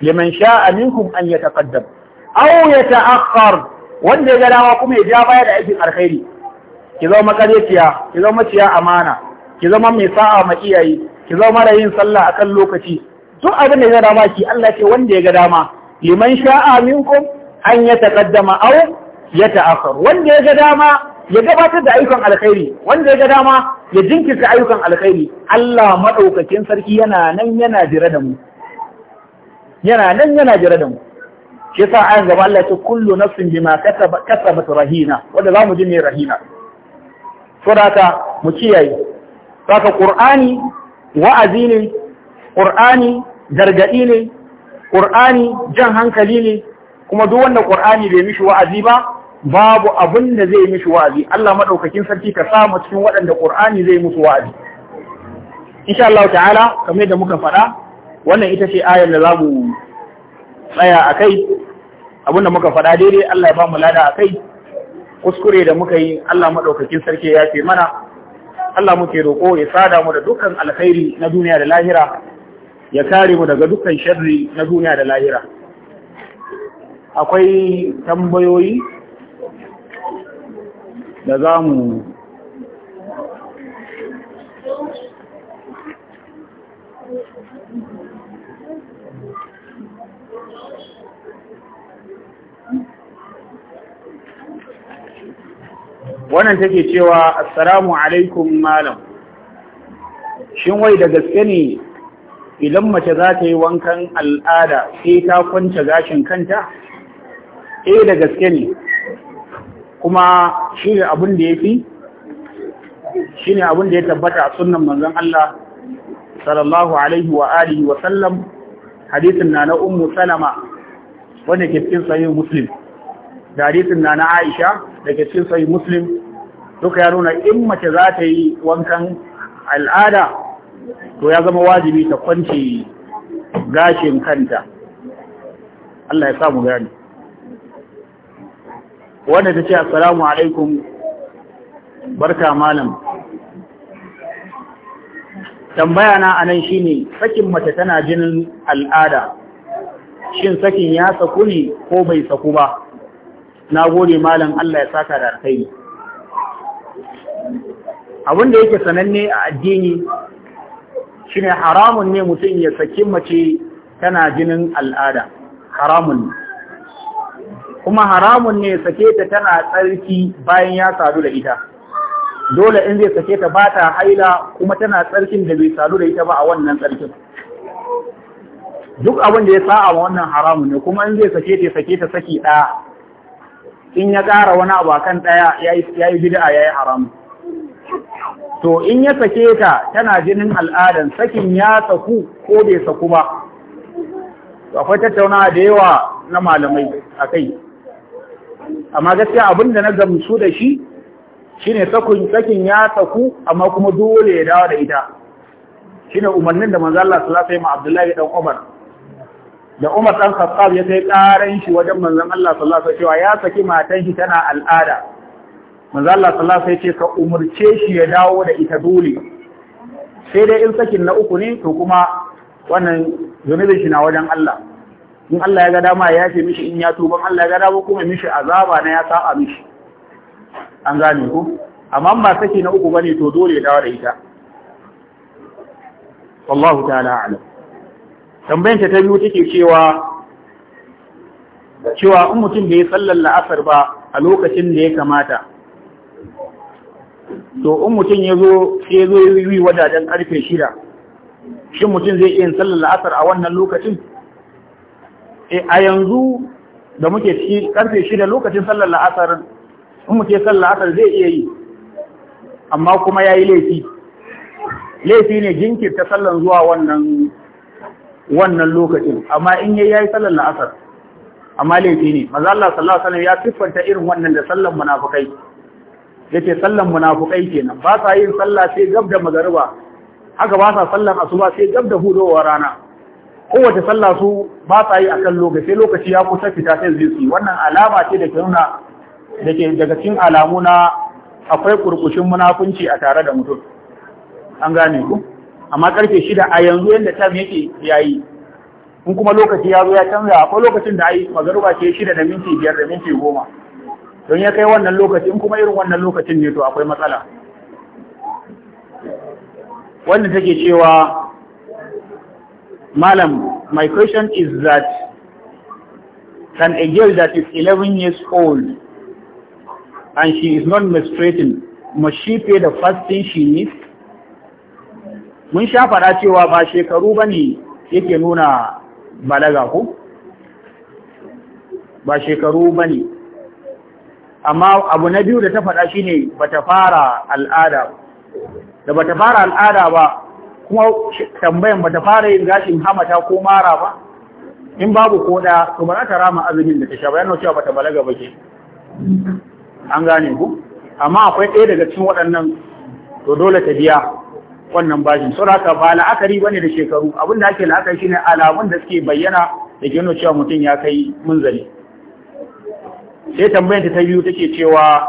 liman sha'a minkum an yataqaddama au ya ta'akhkhar wanda ga dama kuma ya ja baya da aikin alkhairi ki zama makareciya ki zama maciya amana ki zama mai sa'a ma iyaye ki zama mara yin sallah akan lokaci duk abin da ya dama ki Allah ce wanda ya ga dama liman sha'a minkum an ya taqaddama au ya ta'akhkhar wanda ya ga dama ya gabatar da ayyukan alkhairi wanda ya ga dama ya jinkirta ayyukan alkhairi Allah madaukakin sarki yana nan yana jira da mu yana nan yana jira da mu shi yasa ayan gaba Allah ta kullu nafsin bima kasabat rahina wanda za mu ji ne rahina saboda mu kiyaye saka qur'ani wa'azi ne qur'ani gargadi ne qur'ani jan hankali ne kuma duk wanda qur'ani bai mishi wa'azi ba babu abin da zai mishi wa'azi Allah madaukakin sarki ka sa mu cikin waɗanda qur'ani zai musu wa'azi insha Allah ta'ala kamar da muka faɗa wannan ita ce ayar da za mu tsaya a kai abinda muka faɗa daidai Allah ya ba mu lada a kai, kuskure da muka yi Allah maɗaukakin sarki ya ce mana Allah muke roƙo ya sada mu da dukkan alkhairi na duniya da lahira ya kare mu daga dukkan sharri na duniya da lahira akwai tambayoyi da za mu wannan take cewa assalamu alaikum malam shin wai da gaske ne idan mace za ta yi wankan al'ada sai ta kwance gashin kanta eh da gaske ne kuma shi ne abin da ya fi shi ne abin da ya tabbata a sunan manzon Allah sallallahu alaihi wa alihi wa sallam hadisin na na ummu salama wanda ke cikin sahih muslim da hadisin na na aisha da ke cikin sahih muslim duka ya nuna in mace za ta yi wankan al'ada to ya zama wajibi ta kwance gashin kanta Allah ya samu gani wanda ta ce assalamu alaikum barka malam tambaya na anan shine sakin mace tana jinin al'ada shin sakin ya saku ne ko bai saku ba na gode malam Allah ya saka da alkhairi abin da yake sananne a addini shine haramun ne mutum ya saki mace tana jinin al'ada haramun ne kuma haramun ne sake ta tana tsarki bayan ya sadu da ita dole in zai sake ta ba ta haila kuma tana tsarkin da bai sadu da ita ba a wannan tsarkin duk abin da ya sa'a wa wannan haramun ne kuma in zai sake ta sake ta saki ɗaya in ya ƙara wani abu ɗaya ya yi bid'a ya yi haramun to in ya sake ta tana jinin al'adan sakin ya saku ko bai saku ba akwai tattaunawa da yawa na malamai a amma gaskiya abin da na gamsu da shi shine sakin ya saku amma kuma dole ya dawo da ita shine umarnin da manzo Allah sallallahu alaihi Abdullahi dan Umar da Umar dan Khattab ya kai karan shi wajen manzon Allah sallallahu alaihi wasallam ya saki matan shi tana al'ada manzo Allah sallallahu alaihi wasallam ka umurce shi ya dawo da ita dole sai dai in sakin na uku ne to kuma wannan zunubin shi na wajen Allah in Allah ya ga dama ya yafe mishi in ya tuba Allah ya ga dama kuma mishi azaba na ya sa'a mishi an gane ku amma ba saki na uku bane to dole ya dawo da ita wallahu ta'ala a'lam tambayan ta biyu take cewa cewa in mutum bai sallar la'asar ba a lokacin da ya kamata to in mutum ya zo ya zo yi wajajen karfe shida shin mutum zai iya sallar la'asar a wannan lokacin eh, a yanzu da muke ciki karfe shida lokacin sallar la'asar in mutum sallar la'asar zai iya yi amma kuma ya yi laifi laifi ne jinkirta sallar zuwa wannan wannan lokacin amma in ya yi sallar la'asar amma laifi ne maza Allah sallallahu alaihi wasallam ya siffanta irin wannan da sallar munafukai yace sallan munafukai kenan ba sa yin sallah sai gab da magariba haka ba sa sallan asuba sai gab da hudowa rana kowace sallah su ba sa yi akan lokaci sai lokaci ya kusa fita sai zai yi wannan alama ce da ke nuna da ke daga cikin alamu na akwai kurkushin munafunci a tare da mutum an gane ku amma karfe shida a yanzu yadda tam yake yayi in kuma lokaci ya zo ya canza akwai lokacin da ai magariba ke shida da minti biyar da minti goma don ya kai wannan lokaci in kuma irin wannan lokacin ne to akwai matsala wanda take cewa malam my question is that can a girl that is 11 years old and she is not menstruating must she pay the first thing she needs mun sha fara cewa ba shekaru bane yake nuna balaga ko ba shekaru bane amma abu na biyu da ta faɗa shi ne ba ta fara al'ada da ba fara al'ada ba kuma tambayan ba ta fara yin gashin hamata ko mara ba in babu ko da to ba za ta rama azumin da ta sha bayan cewa ba ta balaga ba ke an gane ku amma akwai ɗaya daga cikin waɗannan to dole ta biya wannan bashin haka ba la'akari bane da shekaru abin da ake la'akari shine alamun da suke bayyana da ke nuna cewa mutum ya kai munzali sai tambayanta ta biyu take cewa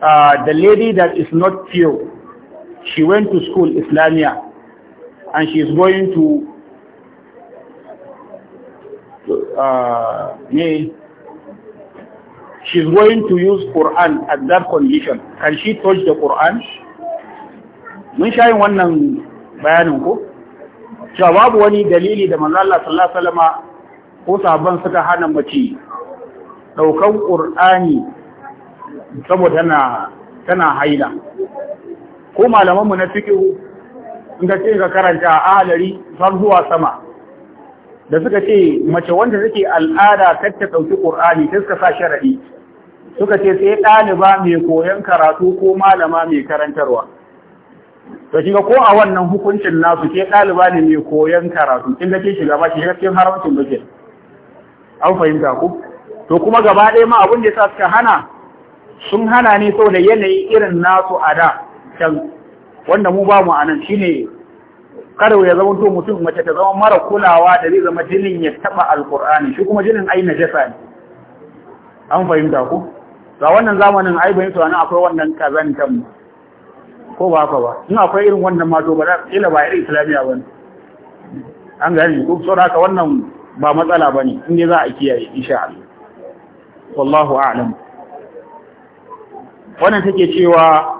ah, the lady that is not pure she went to school islamia and she is going to uh, is going to use Quran at that condition. Can she touch the Quran? Mun sha yin wannan bayanin ko? Cewa babu wani dalili da manzo Allah sallallahu alaihi wasallama ko sahabban suka hana mace ɗaukan ƙur'ani saboda tana haila ko malamanmu na fikihu in ce ka karanta a alari har zuwa sama da suka ce mace wanda take al'ada kar ɗauki ƙur'ani ta suka sa sharaɗi suka ce sai ɗaliba mai koyon karatu ko malama mai karantarwa to shiga ko a wannan hukuncin nasu ke ɗaliba ne mai koyon karatu inda ke shiga ba shi cikin haramcin bakin an fahimta ku to kuma gaba ɗaya ma abin da ya sa suka hana sun hana ne saboda yanayi irin nasu a da can wanda mu ba mu anan shine kada ya zama to mutum mace ta zama mara kulawa da zai zama jinin ya taba alqur'ani shi kuma jinin ai najasa ne an fahimta ko ga wannan zamanin ai bayin tunanin akwai wannan kazantan ko ba haka ba in akwai irin wannan mato ba ila ba irin ba ne. an gani ko saboda haka wannan ba matsala ne. in dai za a kiyaye insha Allah wallahu a'lam wannan take cewa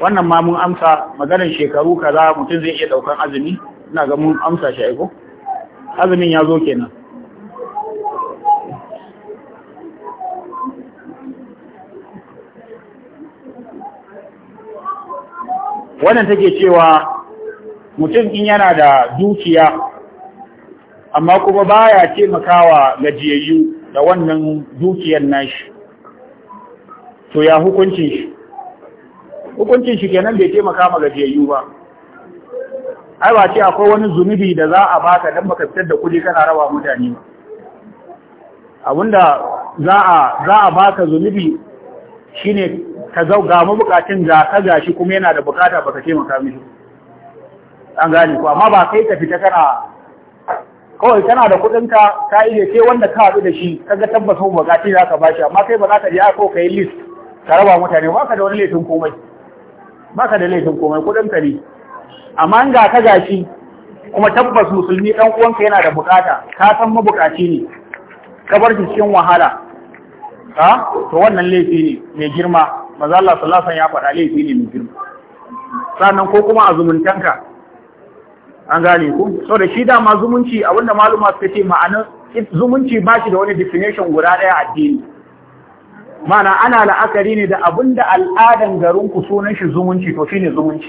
wannan ma mun amsa maganar shekaru kaza mutum zai iya daukan azumi ina ga mun amsa shi aiko azumin ya zo kenan wannan take cewa mutum in yana da dukiya amma kuma baya taimakawa gajiyayyu da wannan dukiyar nashi to ya hukuncin shi hukuncin shi kenan bai taimaka ma gajiyayyu ba ai ba ce akwai wani zunubi da za a baka dan baka fitar da kuɗi kana raba mutane ba abinda za a za a baka zunubi shine ka zau ga bukatun ga ka gashi kuma yana da bukata baka taimaka mishi an gane ko amma ba kai ka fita kana kawai tana da kuɗin ka iya ce wanda ka haɗu da shi ga tabbas mu bukati za ka bashi amma kai ba za ka je ko kai list ka raba mutane ba ka da wani laifin komai ba ka da laifin komai kuɗin ne amma ga ka gashi kuma tabbas musulmi ɗan uwanka yana da bukata ka san mabukaci ne ka bar shi cikin wahala ha to wannan laifi ne mai girma maza Allah sallallahu ya faɗa laifi ne mai girma sannan ko kuma a zumuntanka an gane ku so da shi dama zumunci abinda maluma suka ce ma'anar zumunci ba shi da wani definition guda ɗaya addini mana ana la'akari ne da abinda al'adan garinku sunan shi zumunci to shine zumunci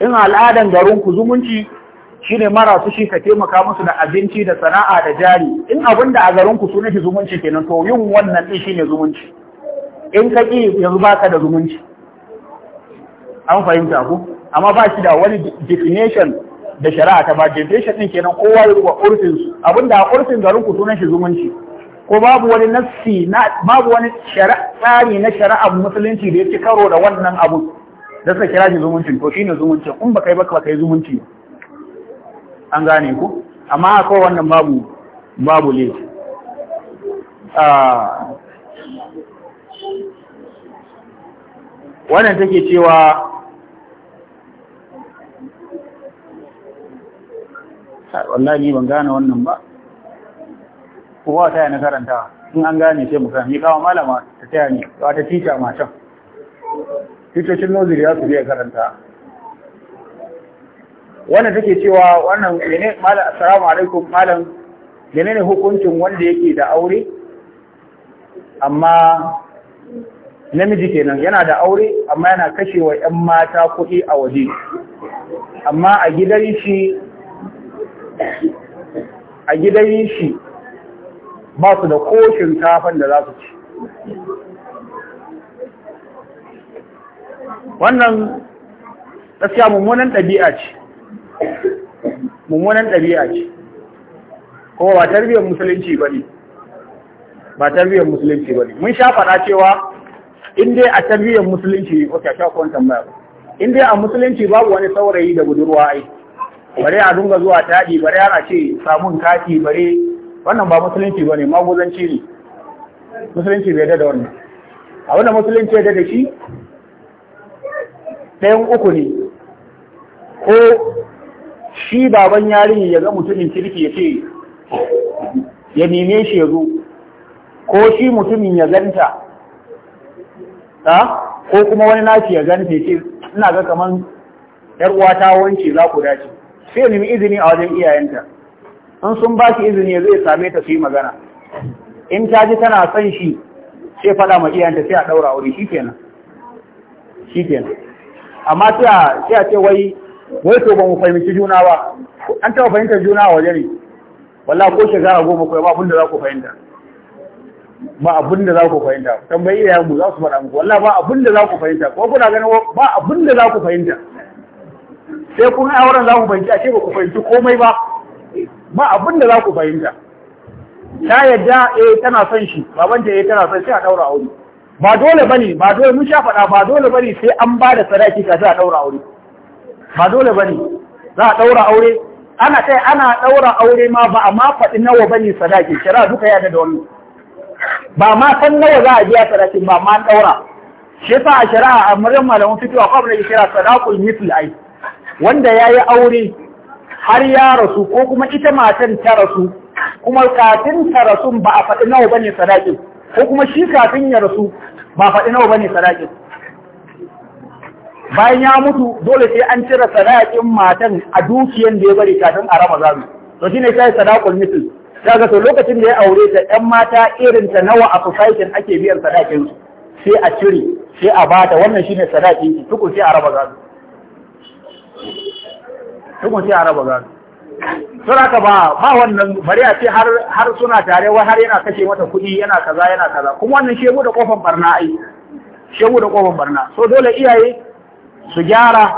in al'adan garinku zumunci shi shine marasu shi ka taimaka musu da abinci da sana'a da jari in abinda a garinku sunan shi zumunci kenan to yin wannan din ne zumunci in ka ki yanzu baka da zumunci an fahimta ku amma ba shi da wani definition da shari'a ta ba definition din kenan kowa ya rubuta urfin su abinda a urfin garin ku sunan shi zumunci ko babu wani nassi na babu wani tsari na shari'ar musulunci da yake karo da wannan abu da suka kira shi zumuncin to shine zumuncin in ba kai ba kai zumunci an gane ku amma ko wannan babu babu laifi ah, wannan take cewa wallahi ban gane wannan ba ko ta yana karanta in an gane sai mu kan kawo malama ta taya ne ba ta tica matan titocin nozuri ya su biya karanta wannan take cewa wannan ne malam assalamu alaikum malam ne hukuncin wanda yake da aure amma namiji kenan yana da aure amma yana kashewa 'yan mata kuɗi a waje amma a gidan shi a gidan shi ba su da koshin kafan da za su ci wannan gaskiya mummunan ɗabi'a ce mummunan ɗabi'a ce kuma ba tarbiyyar musulunci ba ne ba tarbiyyar musulunci ba ne mun sha faɗa cewa in dai a tarbiyyar musulunci ne ko sha kwan tambaya in dai a musulunci babu wani saurayi da budurwa aiki. bare a dunga zuwa taɗi bare ana ce samun kati bare wannan ba musulunci ba ne maguzanci ne musulunci bai dada wannan abin da musulunci ya dada shi ɗayan uku ne ko shi baban yarinya ya ga mutumin kirki ya ce ya neme shi ya zo ko shi mutumin ya ganta ko kuma wani naci ya ganta ya ce ina ga kamar yar uwa ta wance za ku dace sai nemi izini a wajen iyayenta in sun ba shi izini zai same ta su yi magana in ta ji tana son shi sai faɗa ma iyayenta sai a ɗaura aure shi kenan shi kenan amma sai a ce wai wai to ba mu fahimci juna ba an taɓa fahimtar juna a waje ne walla ko shekara goma kawai ba abin da za ku fahimta ba abin da za ku fahimta tambayi iyayen mu za su faɗa muku walla ba abin da za ku fahimta ko kuna ganin ba abin da za ku fahimta sai kun auren za ku fahimci ashe ba ku fahimci komai ba ba abin da za ku fahimta ta yadda eh tana son shi baban ta eh tana son shi a daura aure ba dole bane ba dole mun sha faɗa ba dole bane sai an ba da sadaki ka za a daura aure ba dole bane za a daura aure ana kai ana daura aure ma ba a ma faɗi nawa bane sadaki shari'a duka ya da wani. ba ma san nawa za a biya sadakin ba ma an daura shi yasa a shari'a a murin malamin fitowa ko abin da ke kira sadaqul mithl ai wanda ya yi aure har ya rasu ko kuma ita matan ta rasu kuma kafin ta rasu ba a faɗi nawa bane sadakin ko kuma shi kafin ya rasu ba a faɗi nawa bane sadakin bayan ya mutu dole sai an cire sadaƙin matan a dukiyan da ya bari kafin a raba zami to shine sai sadaqul misl Ta gaso lokacin da ya aure ta 'yan mata irin ta nawa a society ake biyan sadakin sai a cire sai a bata wannan shine sadakin ki tukun sai a raba zami hukun sai a raba gado suna ka ba ba wannan bari a ce har suna tare wai har yana kashe mata kuɗi yana kaza yana kaza kuma wannan shegu da kofan barna ai shegu da kofan barna so dole iyaye su gyara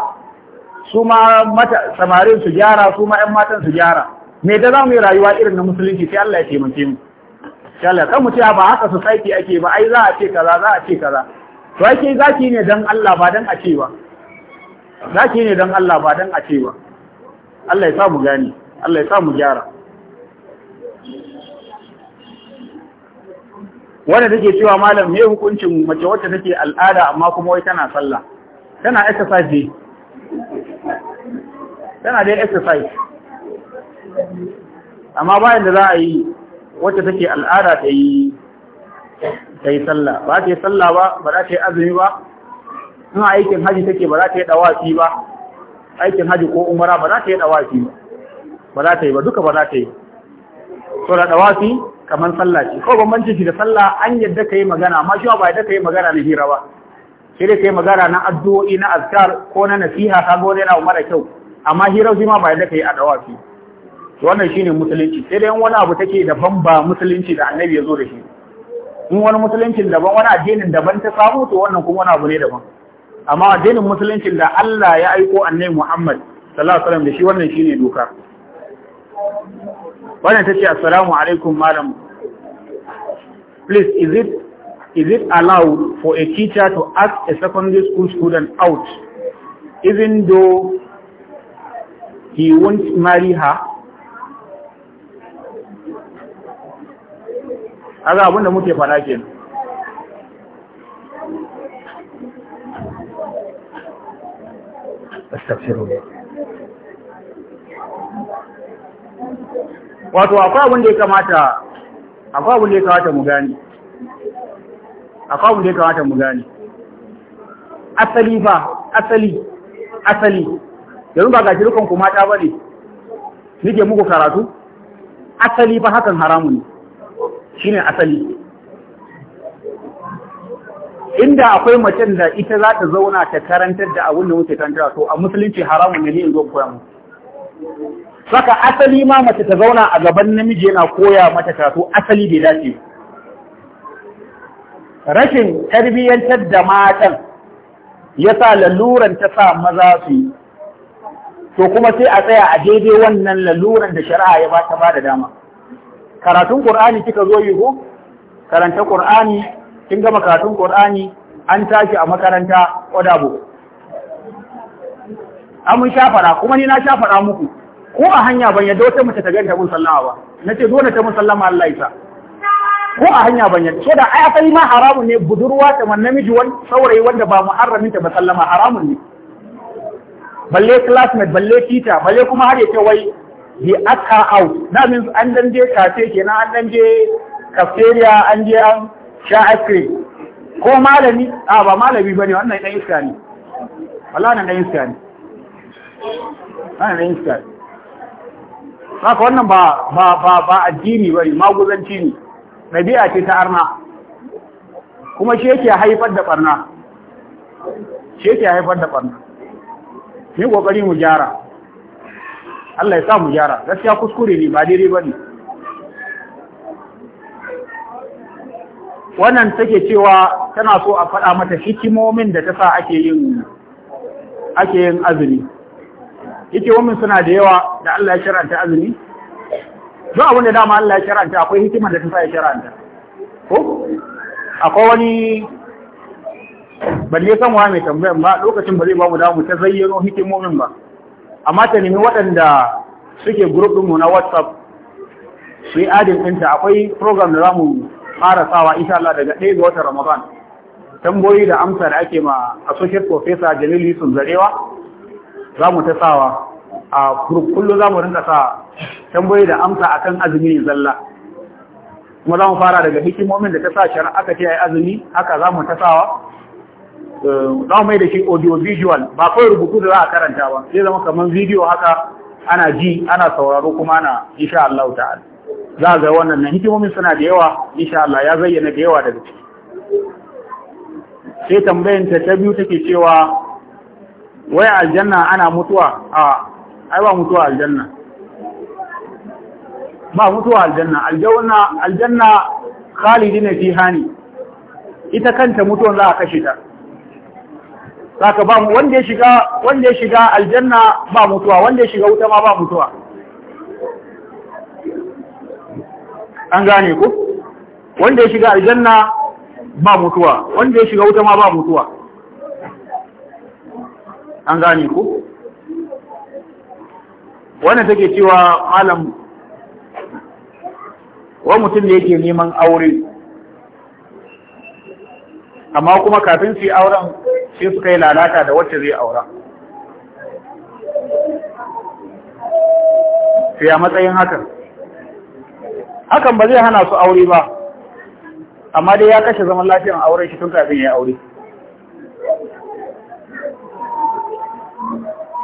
su ma mata samarin su gyara su ma ƴan matan su gyara me da za mu yi rayuwa irin na musulunci sai Allah ya taimake mu sai Allah kan mu ce ba haka society ake ba ai za a ce kaza za a ce kaza to ake zaki ne dan Allah ba dan a ce ba zaki ne don Allah ba don a ce ba Allah ya samu gani Allah ya samu gyara wanda take cewa malam mai hukuncin mace wacce take al'ada amma kuma wai tana sallah tana exercise dai tana dai exercise amma bayan da za a yi wacce take al'ada ta yi sallah ba ta yi sallah ba ba ta yi azumi ba in aikin haji take ba za ta yi dawafi ba aikin haji ko umara ba za ta yi dawafi ba ba za ta yi ba duka ba za ta yi so da dawafi kamar sallah ce ko bambancin shi da sallah an yadda ka yi magana amma shi ba yadda ka yi magana na hira ba sai dai ka yi magana na addu'o'i na azkar ko na nasiha ka gode yana mara kyau amma hira shi ma ba yadda ka yi a dawafi wannan shine musulunci sai dai wani abu take daban ba musulunci da annabi ya zo da shi in wani musuluncin daban wani addinin daban ta samu to wannan kuma wani abu ne daban amma addinin musuluncin da Allah ya aiko annabi Muhammad sallallahu alaihi wasallam da shi wannan shine doka wannan tace assalamu alaikum malam please is it is it allowed for a teacher to ask a secondary school student out even though he won't marry her Aga abinda muke fara kenan astaghfirullah wato akwai abin da ya kamata akwai abin da ya kamata mu gani akwai abin da ya kamata mu gani asali ba asali asali yanzu ba ga dukan ku mata bane nike muku karatu asali ba hakan haramu ne shine asali inda akwai macen da ita za ta zauna ta karantar da abin da muke karantar to a musulunci haramun ne ne in zo koya mu saka asali ma mace ta zauna a gaban namiji yana koya mata karatu asali bai dace rashin tarbiyyantar da matan ya sa laluran ta sa maza su yi to kuma sai a tsaya a daidai wannan laluran da shari'a ya ba ta ba da dama karatun qur'ani kika zo yi ko karanta Kur'ani. kin gama karatun Qur'ani an tashi a makaranta Odabo an ah, mun shafara kuma ni na shafara muku ko a hanya ban yadda wata mace ta ganta mun sallama ba nace dole ta mun sallama Allah ya sa ko a hanya ban yadda so da ai akai ma haramun ne budurwa ta man namiji wani saurayi wanda ba muharramin ta ba sallama haramun ne balle classmate balle teacher, balle kuma har ya ce wai he her out that means an dan je kafe kenan an dan je cafeteria an je an sha askiri ko malami a ba malami ba ne wannan ɗan iska ne wallahi nan ɗan iska ne wannan ɗan iska ne haka wannan ba ba ba ba addini ba ne maguzanci ne ɗabi'a ce ta arna kuma shi yake haifar da barna shi yake haifar da barna ni kokari mu gyara Allah ya sa mu gyara gaskiya kuskure ne ba daidai ba ne wannan take cewa tana so a faɗa mata hikimomin da ta sa ake yin ake yin azumi hikimomin suna da yawa da Allah ya shar'anta azumi duk abin da dama Allah ya shar'anta akwai hikima da ta sa ya shar'anta ko akwai wani ban ne san wa mai tambayar ba lokacin ba zai ba mu damu ta zayyano hikimomin ba amma ta nemi waɗanda suke group ɗinmu na WhatsApp su yi adin ɗinta akwai program da za mu karasawa insha Allah daga ɗaya ga watan Ramadan tamboyi da amsa da ake ma associate professor Jalil Yusuf Zarewa za mu ta sawa a kullum za mu rinka sa tamboyi da amsa akan azumi zalla kuma za mu fara daga hikimomin da ta sa shari'a aka ce ai azumi haka za mu ta sawa eh, za mu mai da shi audio visual ba kawai rubutu da za a karanta ba zai zama kamar video haka ana ji ana sauraro kuma ana insha Allah ta'ala za a zai wannan nan hikimomin suna da yawa insha Allah ya zayyana da yawa daga ciki sai tambayin ta ta biyu take cewa wai aljanna ana mutuwa a ai ba mutuwa aljanna ba mutuwa aljanna aljanna aljanna khalidina fiha ne ita kanta mutuwan za a kashe ta saka ba wanda ya shiga wanda ya shiga aljanna ba mutuwa wanda ya shiga wuta ma ba mutuwa an gane ku wanda ya shiga aljanna ba mutuwa wanda ya shiga wuta ma ba mutuwa an gane ku wannan take cewa malam wa mutum da yake neman aure amma kuma kafin su yi auren sai suka yi lalata da wacce zai aura sai a matsayin hakan hakan ba zai hana su aure ba amma dai ya kashe zaman lafiyar auren shi tun kafin ya aure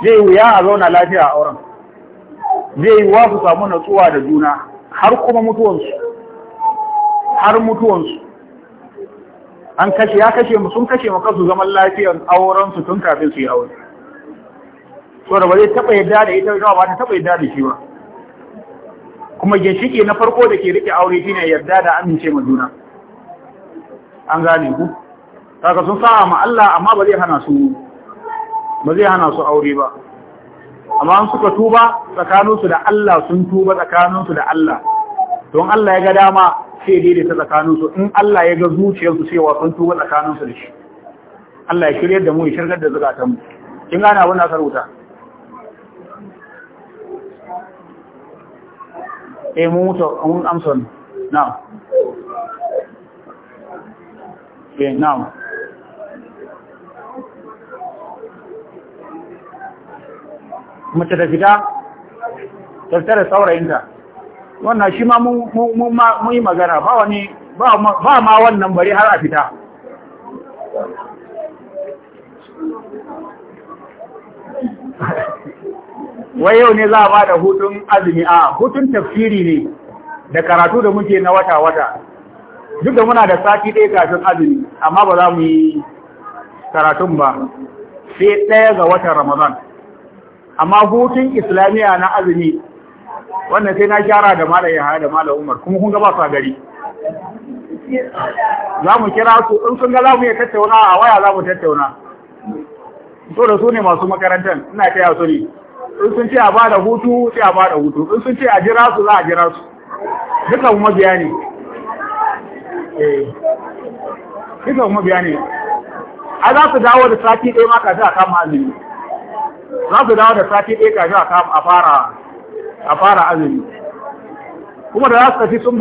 zai wuya a zauna lafiya a auren zai yi wa su samu natsuwa da juna har kuma mutuwansu har mutuwansu an kashe ya kashe mu sun kashe maka su zaman lafiyar aurensu tun kafin su yi aure so da ba zai taɓa yadda da ita ba ta taɓa yadda da shi ba kuma ginshiki na farko da ke rike aure shine yarda da amince ma juna an gane ku kaga sun sa ma Allah amma ba zai hana su ba zai hana su aure ba amma an suka tuba tsakaninsu da Allah sun tuba tsakaninsu da Allah don Allah ya ga dama sai daidaita tsakaninsu in Allah ya ga zuciyarsu cewa sun tuba tsakaninsu da shi Allah ya shiryar da mu ya shirgar da mu. kin gane abin da aka rubuta E mun mutu mun amsa wannan na'am eh na'am mace da fita tattara saurayinta wannan shi ma mun yi magana ba wani ba ma wannan bari har a fita wai yau ne za a ba da hutun azumi a hutun tafsiri ne da karatu da muke na wata-wata duk da muna da sati ɗaya kafin azumi amma ba za mu yi karatun ba sai ɗaya ga watan ramadan amma hutun islamiyya na azumi wannan sai na gyara da mala ya da mala umar kuma kun gaba gari za mu kira su in sun ga za mu iya tattauna a waya za mu tattauna So da su ne masu makarantar ina taya su ne in sun ce a ba da hutu sai a ba da hutu in sun ce a jira su za a jira su duka kuma biya ne eh. duka kuma biya ne a za su dawo da sati ɗaya ma za a kama azumi za su dawo da sati ɗaya ka a fara a fara azumi kuma da za su tafi sun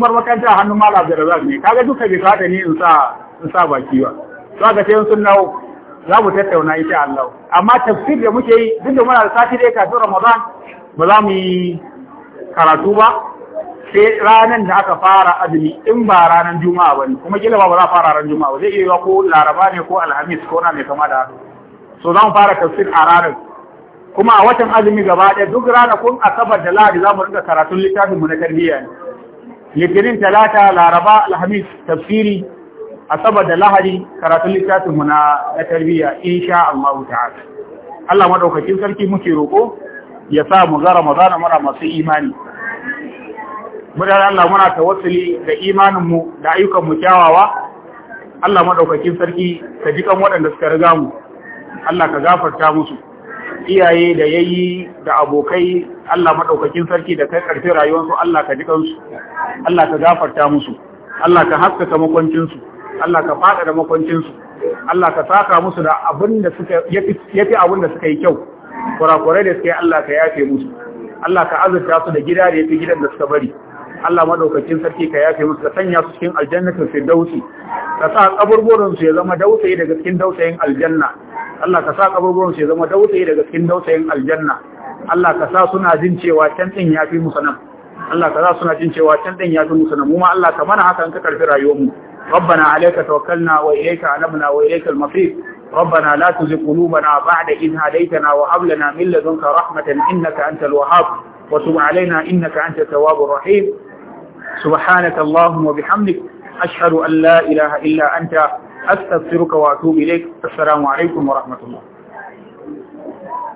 bar makaranta hannun malam da razak ne kaga duka bai kata ne in sa baki ba za ka ce sun nawo za mu tattauna ita Allah amma tafsir da muke yi duk da muna da sati dai kafin Ramadan ba za mu yi karatu ba sai ranar da aka fara azumi in ba ranar juma'a ba ne kuma kila ba za fara ranar juma'a ba zai iya ko laraba ne ko alhamis ko na mai kama da haka so za mu fara tafsir a ranar kuma a watan azumi gaba ɗaya duk kun asabar da lahadi za mu rinka karatun littafin na tarbiyya ne litinin talata laraba alhamis tafsiri asabar da lahari karatun littafin mu na tarbiyya insha Allah ta'ala Allah madaukakin sarki muke roko ya sa mu zara mazana mara masu imani mudan Allah muna tawassuli ga imanin mu da ayyukan mu kyawawa Allah madaukakin sarki ka ji kan waɗanda suka riga mu Allah ka gafarta musu iyaye da yayi da abokai Allah maɗaukakin sarki da kai rayuwar rayuwarsu Allah ka ji su Allah ka gafarta musu Allah ka haskaka makwancinsu Allah ka fada da makwancinsu Allah ka saka musu da abin da suka yafi abin da suka yi kyau kurakurai da suka yi Allah ka yafe musu Allah ka azurta su da gida da yafi gidan da suka bari Allah madaukakin sarki ka yafe musu ka sanya su cikin aljannatin firdausi ka sa kaburburan su ya zama dausayi daga cikin dausayin aljanna Allah ka sa kaburburan su ya zama dausayi daga cikin dausayin aljanna Allah ka sa suna jin cewa can din yafi musu nan Allah ka sa suna jin cewa can ɗin ya fi musu nan. mu ma Allah ka mana haka in ka karfi rayuwarmu ربنا عليك توكلنا وإليك أنبنا وإليك المصير ربنا لا تزغ قلوبنا بعد إذ هديتنا وهب لنا من لدنك رحمة إنك أنت الوهاب وتب علينا إنك أنت التواب الرحيم سبحانك اللهم وبحمدك أشهد أن لا إله إلا أنت أستغفرك وأتوب إليك السلام عليكم ورحمة الله